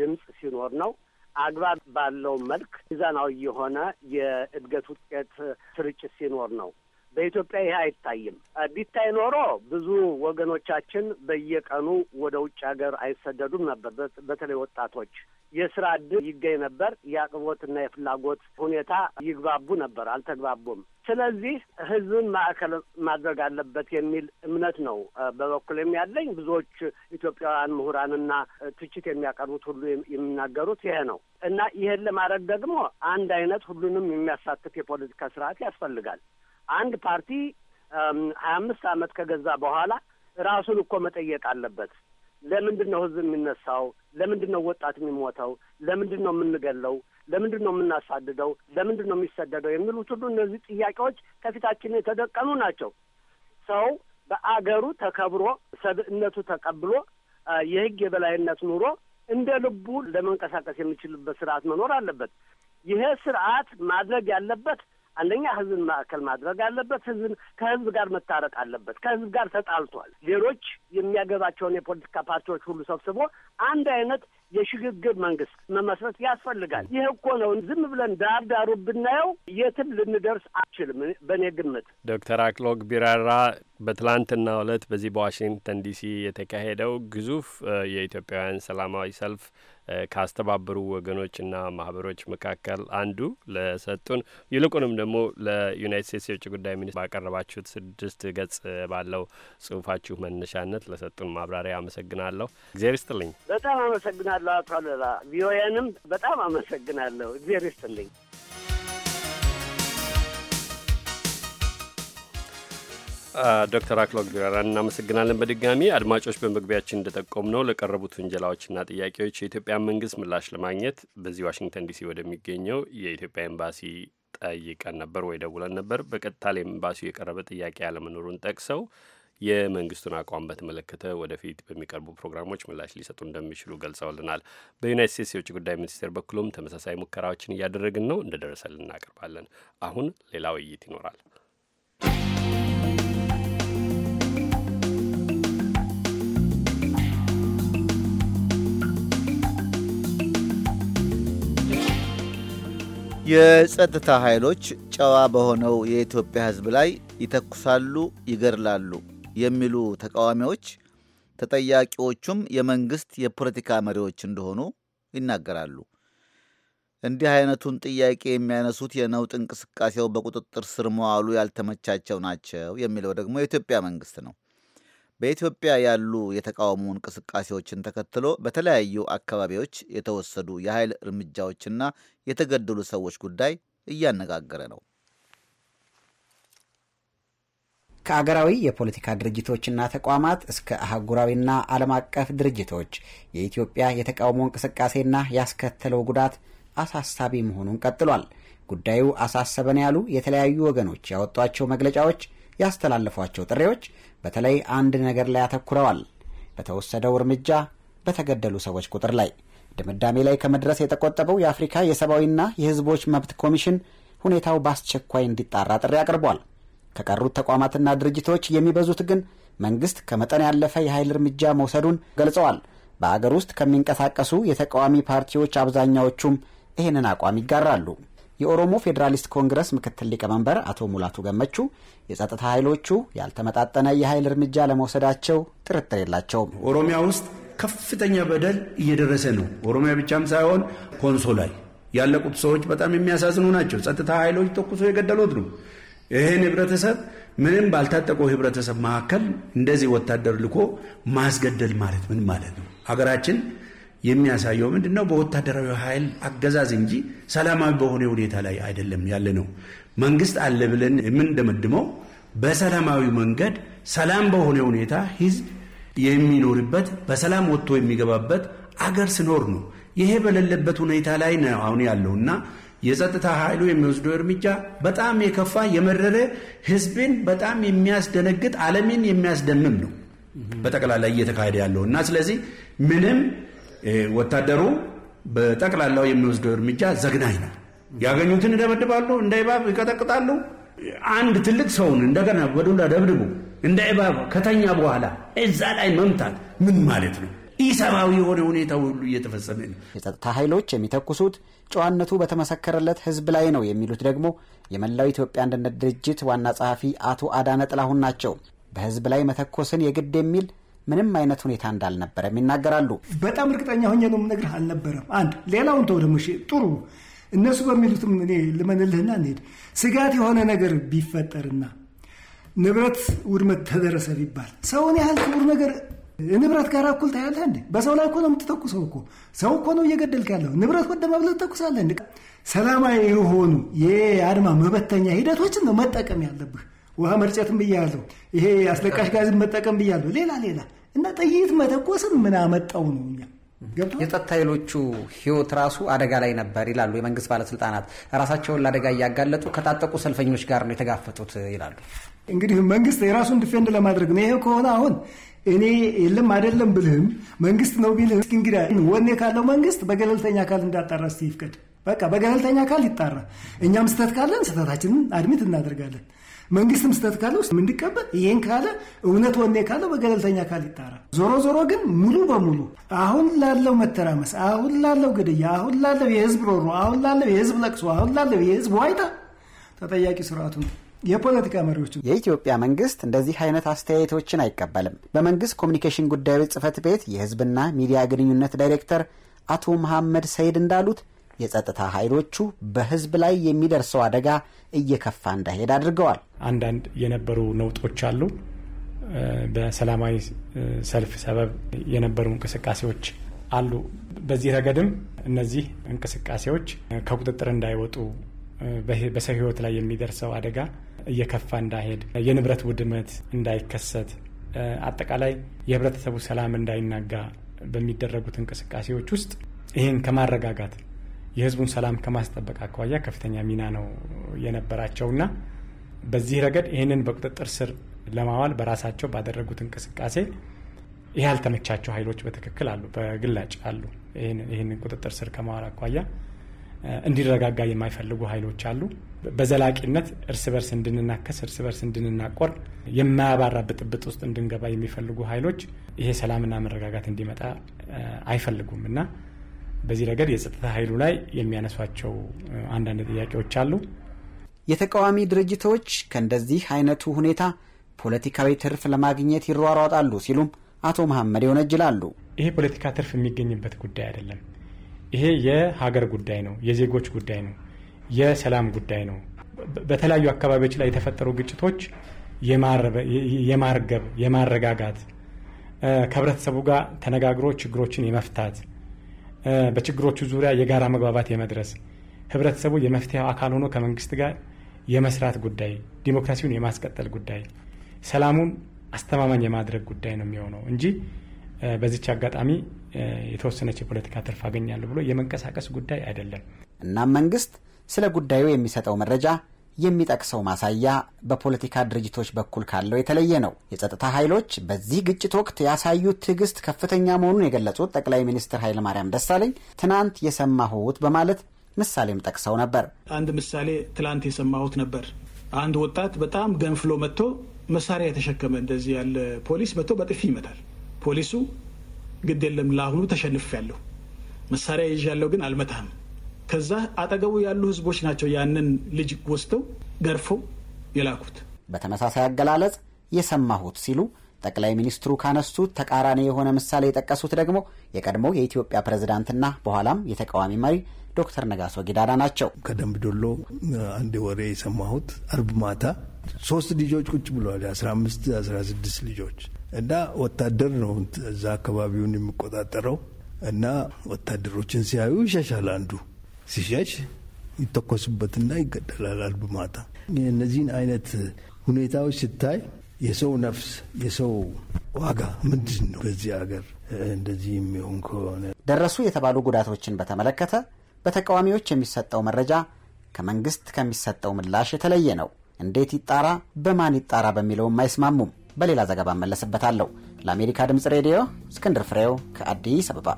ድምፅ ሲኖር ነው። አግባብ ባለው መልክ ሚዛናዊ የሆነ የእድገት ውጤት ስርጭት ሲኖር ነው። በኢትዮጵያ ይሄ አይታይም። ቢታይ ኖሮ ብዙ ወገኖቻችን በየቀኑ ወደ ውጭ ሀገር አይሰደዱም ነበር። በተለይ ወጣቶች የስራ እድል ይገኝ ነበር። የአቅርቦትና የፍላጎት ሁኔታ ይግባቡ ነበር። አልተግባቡም። ስለዚህ ህዝብን ማዕከል ማድረግ አለበት የሚል እምነት ነው በበኩልም ያለኝ። ብዙዎች ኢትዮጵያውያን ምሁራንና ትችት የሚያቀርቡት ሁሉ የሚናገሩት ይሄ ነው እና ይህን ለማድረግ ደግሞ አንድ አይነት ሁሉንም የሚያሳትፍ የፖለቲካ ስርዓት ያስፈልጋል። አንድ ፓርቲ ሀያ አምስት አመት ከገዛ በኋላ ራሱን እኮ መጠየቅ አለበት። ለምንድን ነው ህዝብ የሚነሳው? ለምንድን ነው ወጣት የሚሞተው? ለምንድን ነው የምንገለው? ለምንድን ነው የምናሳድደው? ለምንድን ነው የሚሰደደው? የሚሉት ሁሉ እነዚህ ጥያቄዎች ከፊታችን የተደቀኑ ናቸው። ሰው በአገሩ ተከብሮ ሰብእነቱ ተቀብሎ የህግ የበላይነት ኑሮ እንደ ልቡ ለመንቀሳቀስ የሚችልበት ስርዓት መኖር አለበት። ይሄ ስርዓት ማድረግ ያለበት አንደኛ ህዝብን ማዕከል ማድረግ አለበት። ህዝብ ከህዝብ ጋር መታረቅ አለበት። ከህዝብ ጋር ተጣልቷል። ሌሎች የሚያገባቸውን የፖለቲካ ፓርቲዎች ሁሉ ሰብስቦ አንድ አይነት የሽግግር መንግስት መመስረት ያስፈልጋል። ይህ እኮ ነው። ዝም ብለን ዳር ዳሩ ብናየው የትም ልንደርስ አችልም። በእኔ ግምት ዶክተር አክሎግ ቢራራ በትላንትና ዕለት በዚህ በዋሽንግተን ዲሲ የተካሄደው ግዙፍ የኢትዮጵያውያን ሰላማዊ ሰልፍ ካስተባበሩ ወገኖችና ማህበሮች መካከል አንዱ ለሰጡን ይልቁንም ደግሞ ለዩናይት ስቴትስ የውጭ ጉዳይ ሚኒስትር ባቀረባችሁት ስድስት ገጽ ባለው ጽሁፋችሁ መነሻነት ለሰጡን ማብራሪያ አመሰግናለሁ። እግዜር ይስጥልኝ። በጣም አመሰግናለሁ አቶ አለላ። ቪኦኤንም በጣም አመሰግናለሁ። እግዜር ይስጥልኝ። ዶክተር አክሎግ ቢራራን እናመሰግናለን። በድጋሚ አድማጮች፣ በመግቢያችን እንደጠቆም ነው ለቀረቡት ውንጀላዎችና ጥያቄዎች የኢትዮጵያ መንግስት ምላሽ ለማግኘት በዚህ ዋሽንግተን ዲሲ ወደሚገኘው የኢትዮጵያ ኤምባሲ ጠይቀን ነበር ወይ ደውለን ነበር። በቀጥታ ለኤምባሲው የቀረበ ጥያቄ አለመኖሩን ጠቅሰው የመንግስቱን አቋም በተመለከተ ወደፊት በሚቀርቡ ፕሮግራሞች ምላሽ ሊሰጡ እንደሚችሉ ገልጸውልናል። በዩናይት ስቴትስ የውጭ ጉዳይ ሚኒስቴር በኩልም ተመሳሳይ ሙከራዎችን እያደረግን ነው። እንደደረሰልን እናቀርባለን። አሁን ሌላ ውይይት ይኖራል። የጸጥታ ኃይሎች ጨዋ በሆነው የኢትዮጵያ ሕዝብ ላይ ይተኩሳሉ፣ ይገድላሉ የሚሉ ተቃዋሚዎች ተጠያቂዎቹም የመንግሥት የፖለቲካ መሪዎች እንደሆኑ ይናገራሉ። እንዲህ አይነቱን ጥያቄ የሚያነሱት የነውጥ እንቅስቃሴው በቁጥጥር ስር መዋሉ ያልተመቻቸው ናቸው የሚለው ደግሞ የኢትዮጵያ መንግሥት ነው። በኢትዮጵያ ያሉ የተቃውሞ እንቅስቃሴዎችን ተከትሎ በተለያዩ አካባቢዎች የተወሰዱ የኃይል እርምጃዎችና የተገደሉ ሰዎች ጉዳይ እያነጋገረ ነው። ከአገራዊ የፖለቲካ ድርጅቶችና ተቋማት እስከ አህጉራዊና ዓለም አቀፍ ድርጅቶች የኢትዮጵያ የተቃውሞ እንቅስቃሴና ያስከተለው ጉዳት አሳሳቢ መሆኑን ቀጥሏል። ጉዳዩ አሳሰበን ያሉ የተለያዩ ወገኖች ያወጧቸው መግለጫዎች ያስተላለፏቸው ጥሪዎች በተለይ አንድ ነገር ላይ አተኩረዋል። በተወሰደው እርምጃ በተገደሉ ሰዎች ቁጥር ላይ ድምዳሜ ላይ ከመድረስ የተቆጠበው የአፍሪካ የሰብአዊና የሕዝቦች መብት ኮሚሽን ሁኔታው በአስቸኳይ እንዲጣራ ጥሪ አቅርቧል። ከቀሩት ተቋማትና ድርጅቶች የሚበዙት ግን መንግስት ከመጠን ያለፈ የኃይል እርምጃ መውሰዱን ገልጸዋል። በአገር ውስጥ ከሚንቀሳቀሱ የተቃዋሚ ፓርቲዎች አብዛኛዎቹም ይህንን አቋም ይጋራሉ። የኦሮሞ ፌዴራሊስት ኮንግረስ ምክትል ሊቀመንበር አቶ ሙላቱ ገመቹ የጸጥታ ኃይሎቹ ያልተመጣጠነ የኃይል እርምጃ ለመውሰዳቸው ጥርጥር የላቸውም። ኦሮሚያ ውስጥ ከፍተኛ በደል እየደረሰ ነው። ኦሮሚያ ብቻም ሳይሆን ኮንሶ ላይ ያለቁት ሰዎች በጣም የሚያሳዝኑ ናቸው። ጸጥታ ኃይሎች ተኩሶ የገደሉት ነው። ይህን ህብረተሰብ ምንም ባልታጠቀው ህብረተሰብ መካከል እንደዚህ ወታደር ልኮ ማስገደል ማለት ምን ማለት ነው? ሀገራችን የሚያሳየው ምንድን ነው? በወታደራዊ ኃይል አገዛዝ እንጂ ሰላማዊ በሆነ ሁኔታ ላይ አይደለም ያለ ነው። መንግስት አለ ብለን የምንደመድመው በሰላማዊ መንገድ ሰላም በሆነ ሁኔታ ህዝብ የሚኖርበት በሰላም ወጥቶ የሚገባበት አገር ስኖር ነው። ይሄ በሌለበት ሁኔታ ላይ ነው አሁን ያለው እና የጸጥታ ኃይሉ የሚወስደው እርምጃ በጣም የከፋ የመረረ ህዝብን በጣም የሚያስደነግጥ ዓለምን የሚያስደምም ነው በጠቅላላ እየተካሄደ ያለው እና ስለዚህ ምንም ወታደሩ በጠቅላላው የሚወስደው እርምጃ ዘግናኝ ነው። ያገኙትን ይደበድባሉ፣ እንደ እባብ ይቀጠቅጣሉ። አንድ ትልቅ ሰውን እንደገና በዱላ ደብድቡ እንደ እባብ ከተኛ በኋላ እዛ ላይ መምታት ምን ማለት ነው? ኢሰብአዊ የሆነ ሁኔታ ሁሉ እየተፈጸመ ነው። የጸጥታ ኃይሎች የሚተኩሱት ጨዋነቱ በተመሰከረለት ህዝብ ላይ ነው የሚሉት ደግሞ የመላው ኢትዮጵያ አንድነት ድርጅት ዋና ጸሐፊ አቶ አዳነ ጥላሁን ናቸው። በህዝብ ላይ መተኮስን የግድ የሚል ምንም አይነት ሁኔታ እንዳልነበረም ይናገራሉ። በጣም እርግጠኛ ሆኜ ነው የምነግርህ፣ አልነበረም። አንድ ሌላውን ተው ደግሞ ጥሩ እነሱ በሚሉትም እኔ ልመንልህና እንሄድ ስጋት የሆነ ነገር ቢፈጠርና ንብረት ውድመት ተደረሰ ቢባል ሰውን ያህል ክቡር ነገር ንብረት ጋር እኩል ታያለህ እንዴ? በሰው ላይ እኮ ነው የምትተኩሰው እኮ ሰው እኮ ነው እየገደልክ ያለው። ንብረት ወደመ ብለህ ትተኩሳለህ እንዴ? ሰላማዊ የሆኑ የአድማ መበተኛ ሂደቶችን ነው መጠቀም ያለብህ። ውሃ መርጨትም ብያለሁ። ይሄ አስለቃሽ ጋዝ መጠቀም ብያለሁ። ሌላ ሌላ እና ጥይት መተኮስን ምን አመጣው ነው እኛ የጸጥታ ኃይሎቹ ህይወት ራሱ አደጋ ላይ ነበር ይላሉ የመንግስት ባለስልጣናት። ራሳቸውን ለአደጋ እያጋለጡ ከታጠቁ ሰልፈኞች ጋር ነው የተጋፈጡት ይላሉ። እንግዲህ መንግስት የራሱን ዲፌንድ ለማድረግ ነው። ይሄ ከሆነ አሁን እኔ የለም አይደለም ብልህም መንግስት ነው ቢልህም እንግዲህ ወኔ ካለው መንግስት በገለልተኛ አካል እንዳጣራ እስቲ ይፍቀድ። በቃ በገለልተኛ አካል ይጣራ። እኛም ስህተት ካለን ስህተታችንን አድሚት እናደርጋለን። መንግስትም ስህተት ካለ ውስጥ እንዲቀበል ይህን ካለ እውነት ወኔ ካለ በገለልተኛ አካል ይጣራል። ዞሮ ዞሮ ግን ሙሉ በሙሉ አሁን ላለው መተራመስ፣ አሁን ላለው ግድያ፣ አሁን ላለው የህዝብ ሮሮ፣ አሁን ላለው የህዝብ ለቅሶ፣ አሁን ላለው የህዝብ ዋይታ ተጠያቂ ስርዓቱ የፖለቲካ መሪዎች የኢትዮጵያ መንግስት እንደዚህ አይነት አስተያየቶችን አይቀበልም። በመንግስት ኮሚኒኬሽን ጉዳዮች ጽህፈት ቤት የህዝብና ሚዲያ ግንኙነት ዳይሬክተር አቶ መሐመድ ሰይድ እንዳሉት የጸጥታ ኃይሎቹ በህዝብ ላይ የሚደርሰው አደጋ እየከፋ እንዳይሄድ አድርገዋል። አንዳንድ የነበሩ ነውጦች አሉ። በሰላማዊ ሰልፍ ሰበብ የነበሩ እንቅስቃሴዎች አሉ። በዚህ ረገድም እነዚህ እንቅስቃሴዎች ከቁጥጥር እንዳይወጡ በሰው ህይወት ላይ የሚደርሰው አደጋ እየከፋ እንዳይሄድ፣ የንብረት ውድመት እንዳይከሰት፣ አጠቃላይ የህብረተሰቡ ሰላም እንዳይናጋ በሚደረጉት እንቅስቃሴዎች ውስጥ ይህን ከማረጋጋት የህዝቡን ሰላም ከማስጠበቅ አኳያ ከፍተኛ ሚና ነው የነበራቸውና በዚህ ረገድ ይህንን በቁጥጥር ስር ለማዋል በራሳቸው ባደረጉት እንቅስቃሴ ይህ ያልተመቻቸው ኃይሎች በትክክል አሉ፣ በግላጭ አሉ። ይህንን ቁጥጥር ስር ከማዋል አኳያ እንዲረጋጋ የማይፈልጉ ኃይሎች አሉ። በዘላቂነት እርስ በርስ እንድንናከስ፣ እርስ በርስ እንድንናቆር፣ የማያባራ ብጥብጥ ውስጥ እንድንገባ የሚፈልጉ ኃይሎች ይሄ ሰላምና መረጋጋት እንዲመጣ አይፈልጉም እና በዚህ ረገድ የጸጥታ ኃይሉ ላይ የሚያነሷቸው አንዳንድ ጥያቄዎች አሉ። የተቃዋሚ ድርጅቶች ከእንደዚህ አይነቱ ሁኔታ ፖለቲካዊ ትርፍ ለማግኘት ይሯሯጣሉ ሲሉም አቶ መሐመድ ይወነጅላሉ። ይሄ ፖለቲካ ትርፍ የሚገኝበት ጉዳይ አይደለም። ይሄ የሀገር ጉዳይ ነው፣ የዜጎች ጉዳይ ነው፣ የሰላም ጉዳይ ነው። በተለያዩ አካባቢዎች ላይ የተፈጠሩ ግጭቶች የማርገብ የማረጋጋት ከህብረተሰቡ ጋር ተነጋግሮ ችግሮችን የመፍታት በችግሮቹ ዙሪያ የጋራ መግባባት የመድረስ ህብረተሰቡ የመፍትሄ አካል ሆኖ ከመንግስት ጋር የመስራት ጉዳይ፣ ዲሞክራሲውን የማስቀጠል ጉዳይ፣ ሰላሙን አስተማማኝ የማድረግ ጉዳይ ነው የሚሆነው እንጂ በዚች አጋጣሚ የተወሰነች የፖለቲካ ትርፍ አገኛለሁ ብሎ የመንቀሳቀስ ጉዳይ አይደለም። እናም መንግስት ስለ ጉዳዩ የሚሰጠው መረጃ የሚጠቅሰው ማሳያ በፖለቲካ ድርጅቶች በኩል ካለው የተለየ ነው። የጸጥታ ኃይሎች በዚህ ግጭት ወቅት ያሳዩት ትዕግስት ከፍተኛ መሆኑን የገለጹት ጠቅላይ ሚኒስትር ኃይለማርያም ደሳለኝ ትናንት የሰማሁት በማለት ምሳሌም ጠቅሰው ነበር። አንድ ምሳሌ ትላንት የሰማሁት ነበር። አንድ ወጣት በጣም ገንፍሎ መጥቶ መሳሪያ የተሸከመ እንደዚህ ያለ ፖሊስ መጥቶ በጥፊ ይመታል። ፖሊሱ ግድ የለም ለአሁኑ ተሸንፍ ያለሁ መሳሪያ ይዣለሁ ግን አልመታህም ከዛ አጠገቡ ያሉ ህዝቦች ናቸው ያንን ልጅ ወስደው ገርፈው የላኩት። በተመሳሳይ አገላለጽ የሰማሁት ሲሉ ጠቅላይ ሚኒስትሩ ካነሱት ተቃራኒ የሆነ ምሳሌ የጠቀሱት ደግሞ የቀድሞ የኢትዮጵያ ፕሬዝዳንትና በኋላም የተቃዋሚ መሪ ዶክተር ነጋሶ ጊዳዳ ናቸው። ከደንብ ዶሎ አንድ ወሬ የሰማሁት አርብ ማታ ሶስት ልጆች ቁጭ ብለዋል። የአስራ አምስት አስራ ስድስት ልጆች እና ወታደር ነው እዛ አካባቢውን የሚቆጣጠረው እና ወታደሮችን ሲያዩ ይሸሻል አንዱ ሲሸሽ ይተኮስበትና ይገደላል አልብማታ። እነዚህን አይነት ሁኔታዎች ስታይ የሰው ነፍስ የሰው ዋጋ ምንድን ነው? በዚህ ሀገር እንደዚህ የሚሆን ከሆነ ደረሱ የተባሉ ጉዳቶችን በተመለከተ በተቃዋሚዎች የሚሰጠው መረጃ ከመንግስት ከሚሰጠው ምላሽ የተለየ ነው። እንዴት ይጣራ፣ በማን ይጣራ በሚለውም አይስማሙም። በሌላ ዘገባ እመለስበታለሁ። ለአሜሪካ ድምፅ ሬዲዮ እስክንድር ፍሬው ከአዲስ አበባ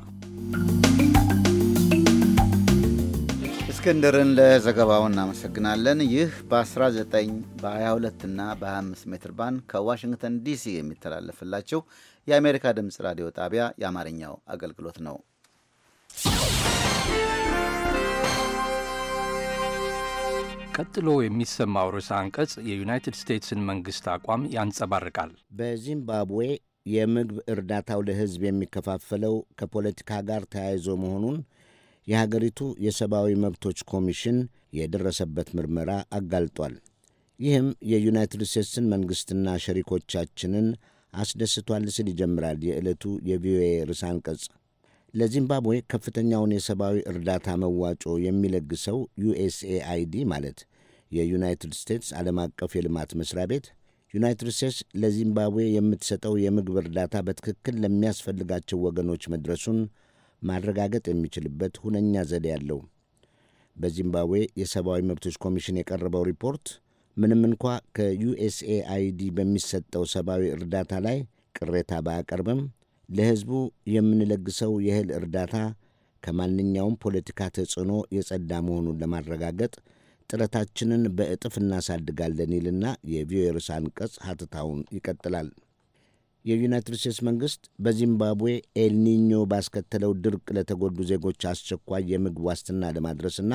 እስክንድርን ለዘገባው እናመሰግናለን። ይህ በ19 በ22 እና በ25 ሜትር ባንድ ከዋሽንግተን ዲሲ የሚተላለፍላቸው የአሜሪካ ድምፅ ራዲዮ ጣቢያ የአማርኛው አገልግሎት ነው። ቀጥሎ የሚሰማው ርዕሰ አንቀጽ የዩናይትድ ስቴትስን መንግሥት አቋም ያንጸባርቃል። በዚምባብዌ የምግብ እርዳታው ለሕዝብ የሚከፋፈለው ከፖለቲካ ጋር ተያይዞ መሆኑን የሀገሪቱ የሰብአዊ መብቶች ኮሚሽን የደረሰበት ምርመራ አጋልጧል። ይህም የዩናይትድ ስቴትስን መንግሥትና ሸሪኮቻችንን አስደስቷል ሲል ይጀምራል የዕለቱ የቪኦኤ ርዕሰ አንቀጽ። ለዚምባብዌ ከፍተኛውን የሰብአዊ እርዳታ መዋጮ የሚለግሰው ዩኤስኤአይዲ ማለት የዩናይትድ ስቴትስ ዓለም አቀፍ የልማት መስሪያ ቤት ዩናይትድ ስቴትስ ለዚምባብዌ የምትሰጠው የምግብ እርዳታ በትክክል ለሚያስፈልጋቸው ወገኖች መድረሱን ማረጋገጥ የሚችልበት ሁነኛ ዘዴ አለው። በዚምባብዌ የሰብአዊ መብቶች ኮሚሽን የቀረበው ሪፖርት ምንም እንኳ ከዩኤስኤአይዲ በሚሰጠው ሰብአዊ እርዳታ ላይ ቅሬታ ባያቀርብም ለሕዝቡ የምንለግሰው የእህል እርዳታ ከማንኛውም ፖለቲካ ተጽዕኖ የጸዳ መሆኑን ለማረጋገጥ ጥረታችንን በእጥፍ እናሳድጋለን ይልና የቪኦኤ ርዕሰ አንቀጽ ሀተታውን ይቀጥላል። የዩናይትድ ስቴትስ መንግሥት በዚምባብዌ ኤልኒኞ ባስከተለው ድርቅ ለተጎዱ ዜጎች አስቸኳይ የምግብ ዋስትና ለማድረስና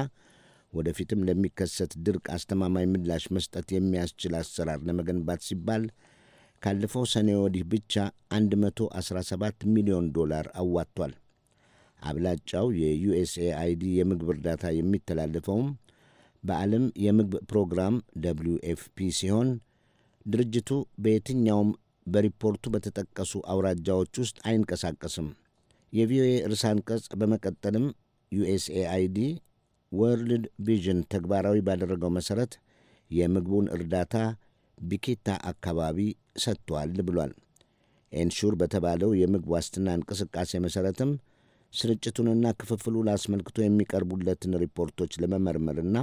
ወደፊትም ለሚከሰት ድርቅ አስተማማኝ ምላሽ መስጠት የሚያስችል አሰራር ለመገንባት ሲባል ካለፈው ሰኔ ወዲህ ብቻ 117 ሚሊዮን ዶላር አዋጥቷል። አብላጫው የዩኤስኤአይዲ የምግብ እርዳታ የሚተላለፈውም በዓለም የምግብ ፕሮግራም ደብሊው ኤፍፒ ሲሆን ድርጅቱ በየትኛውም በሪፖርቱ በተጠቀሱ አውራጃዎች ውስጥ አይንቀሳቀስም። የቪኦኤ ርዕሰ አንቀጽ በመቀጠልም ዩኤስኤአይዲ ወርልድ ቪዥን ተግባራዊ ባደረገው መሠረት የምግቡን እርዳታ ቢኬታ አካባቢ ሰጥቷል ብሏል። ኤንሹር በተባለው የምግብ ዋስትና እንቅስቃሴ መሠረትም ስርጭቱንና ክፍፍሉን አስመልክቶ የሚቀርቡለትን ሪፖርቶች ለመመርመርና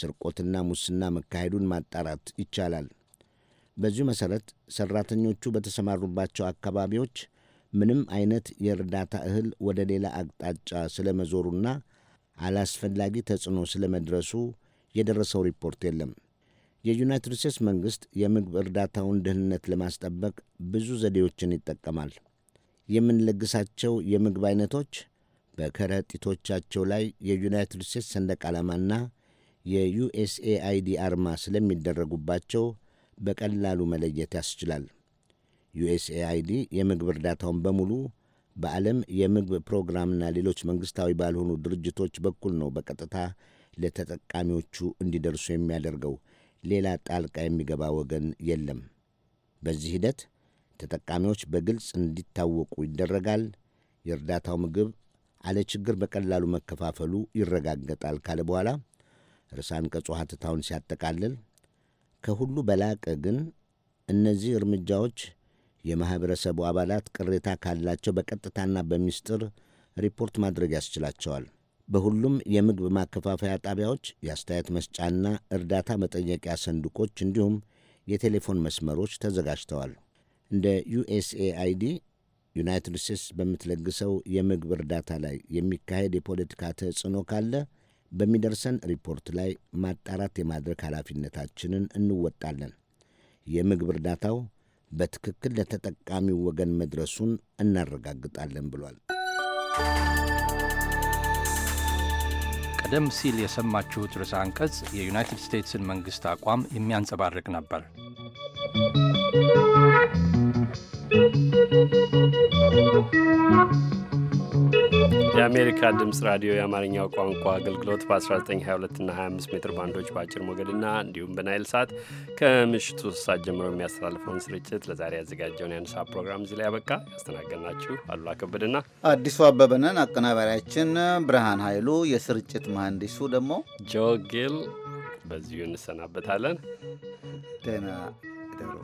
ስርቆትና ሙስና መካሄዱን ማጣራት ይቻላል። በዚሁ መሠረት ሠራተኞቹ በተሰማሩባቸው አካባቢዎች ምንም አይነት የእርዳታ እህል ወደ ሌላ አቅጣጫ መዞሩና አላስፈላጊ ተጽዕኖ ስለመድረሱ የደረሰው ሪፖርት የለም። የዩናይትድ ስቴትስ መንግሥት የምግብ እርዳታውን ደህንነት ለማስጠበቅ ብዙ ዘዴዎችን ይጠቀማል። የምንለግሳቸው የምግብ አይነቶች በከረጢቶቻቸው ላይ የዩናይትድ ስቴትስ ሰንደቅ ዓላማና የዩኤስኤአይዲ አርማ ስለሚደረጉባቸው በቀላሉ መለየት ያስችላል። ዩኤስኤአይዲ የምግብ እርዳታውን በሙሉ በዓለም የምግብ ፕሮግራምና ሌሎች መንግሥታዊ ባልሆኑ ድርጅቶች በኩል ነው በቀጥታ ለተጠቃሚዎቹ እንዲደርሱ የሚያደርገው። ሌላ ጣልቃ የሚገባ ወገን የለም። በዚህ ሂደት ተጠቃሚዎች በግልጽ እንዲታወቁ ይደረጋል። የእርዳታው ምግብ አለ ችግር በቀላሉ መከፋፈሉ ይረጋገጣል ካለ በኋላ ርዕሰ አንቀጹ ሐተታውን ሲያጠቃልል ከሁሉ በላቀ ግን እነዚህ እርምጃዎች የማኅበረሰቡ አባላት ቅሬታ ካላቸው በቀጥታና በሚስጥር ሪፖርት ማድረግ ያስችላቸዋል። በሁሉም የምግብ ማከፋፈያ ጣቢያዎች የአስተያየት መስጫና እርዳታ መጠየቂያ ሰንዱቆች እንዲሁም የቴሌፎን መስመሮች ተዘጋጅተዋል። እንደ ዩኤስኤአይዲ ዩናይትድ ስቴትስ በምትለግሰው የምግብ እርዳታ ላይ የሚካሄድ የፖለቲካ ተጽዕኖ ካለ በሚደርሰን ሪፖርት ላይ ማጣራት የማድረግ ኃላፊነታችንን እንወጣለን። የምግብ እርዳታው በትክክል ለተጠቃሚው ወገን መድረሱን እናረጋግጣለን ብሏል። ቀደም ሲል የሰማችሁት ርዕሰ አንቀጽ የዩናይትድ ስቴትስን መንግሥት አቋም የሚያንጸባርቅ ነበር። Thank you. የአሜሪካ ድምፅ ራዲዮ የአማርኛው ቋንቋ አገልግሎት በ1922 እና 25 ሜትር ባንዶች በአጭር ሞገድና እንዲሁም በናይል ሰዓት ከምሽቱ ሶስት ሰዓት ጀምሮ የሚያስተላልፈውን ስርጭት ለዛሬ ያዘጋጀውን የአንሳ ፕሮግራም እዚህ ላይ ያበቃ። ያስተናገድናችሁ አሉላ ከበድና አዲሱ አበበንን፣ አቀናባሪያችን ብርሃን ኃይሉ፣ የስርጭት መሐንዲሱ ደግሞ ጆጌል። በዚሁ እንሰናበታለን። ደህና ደሩ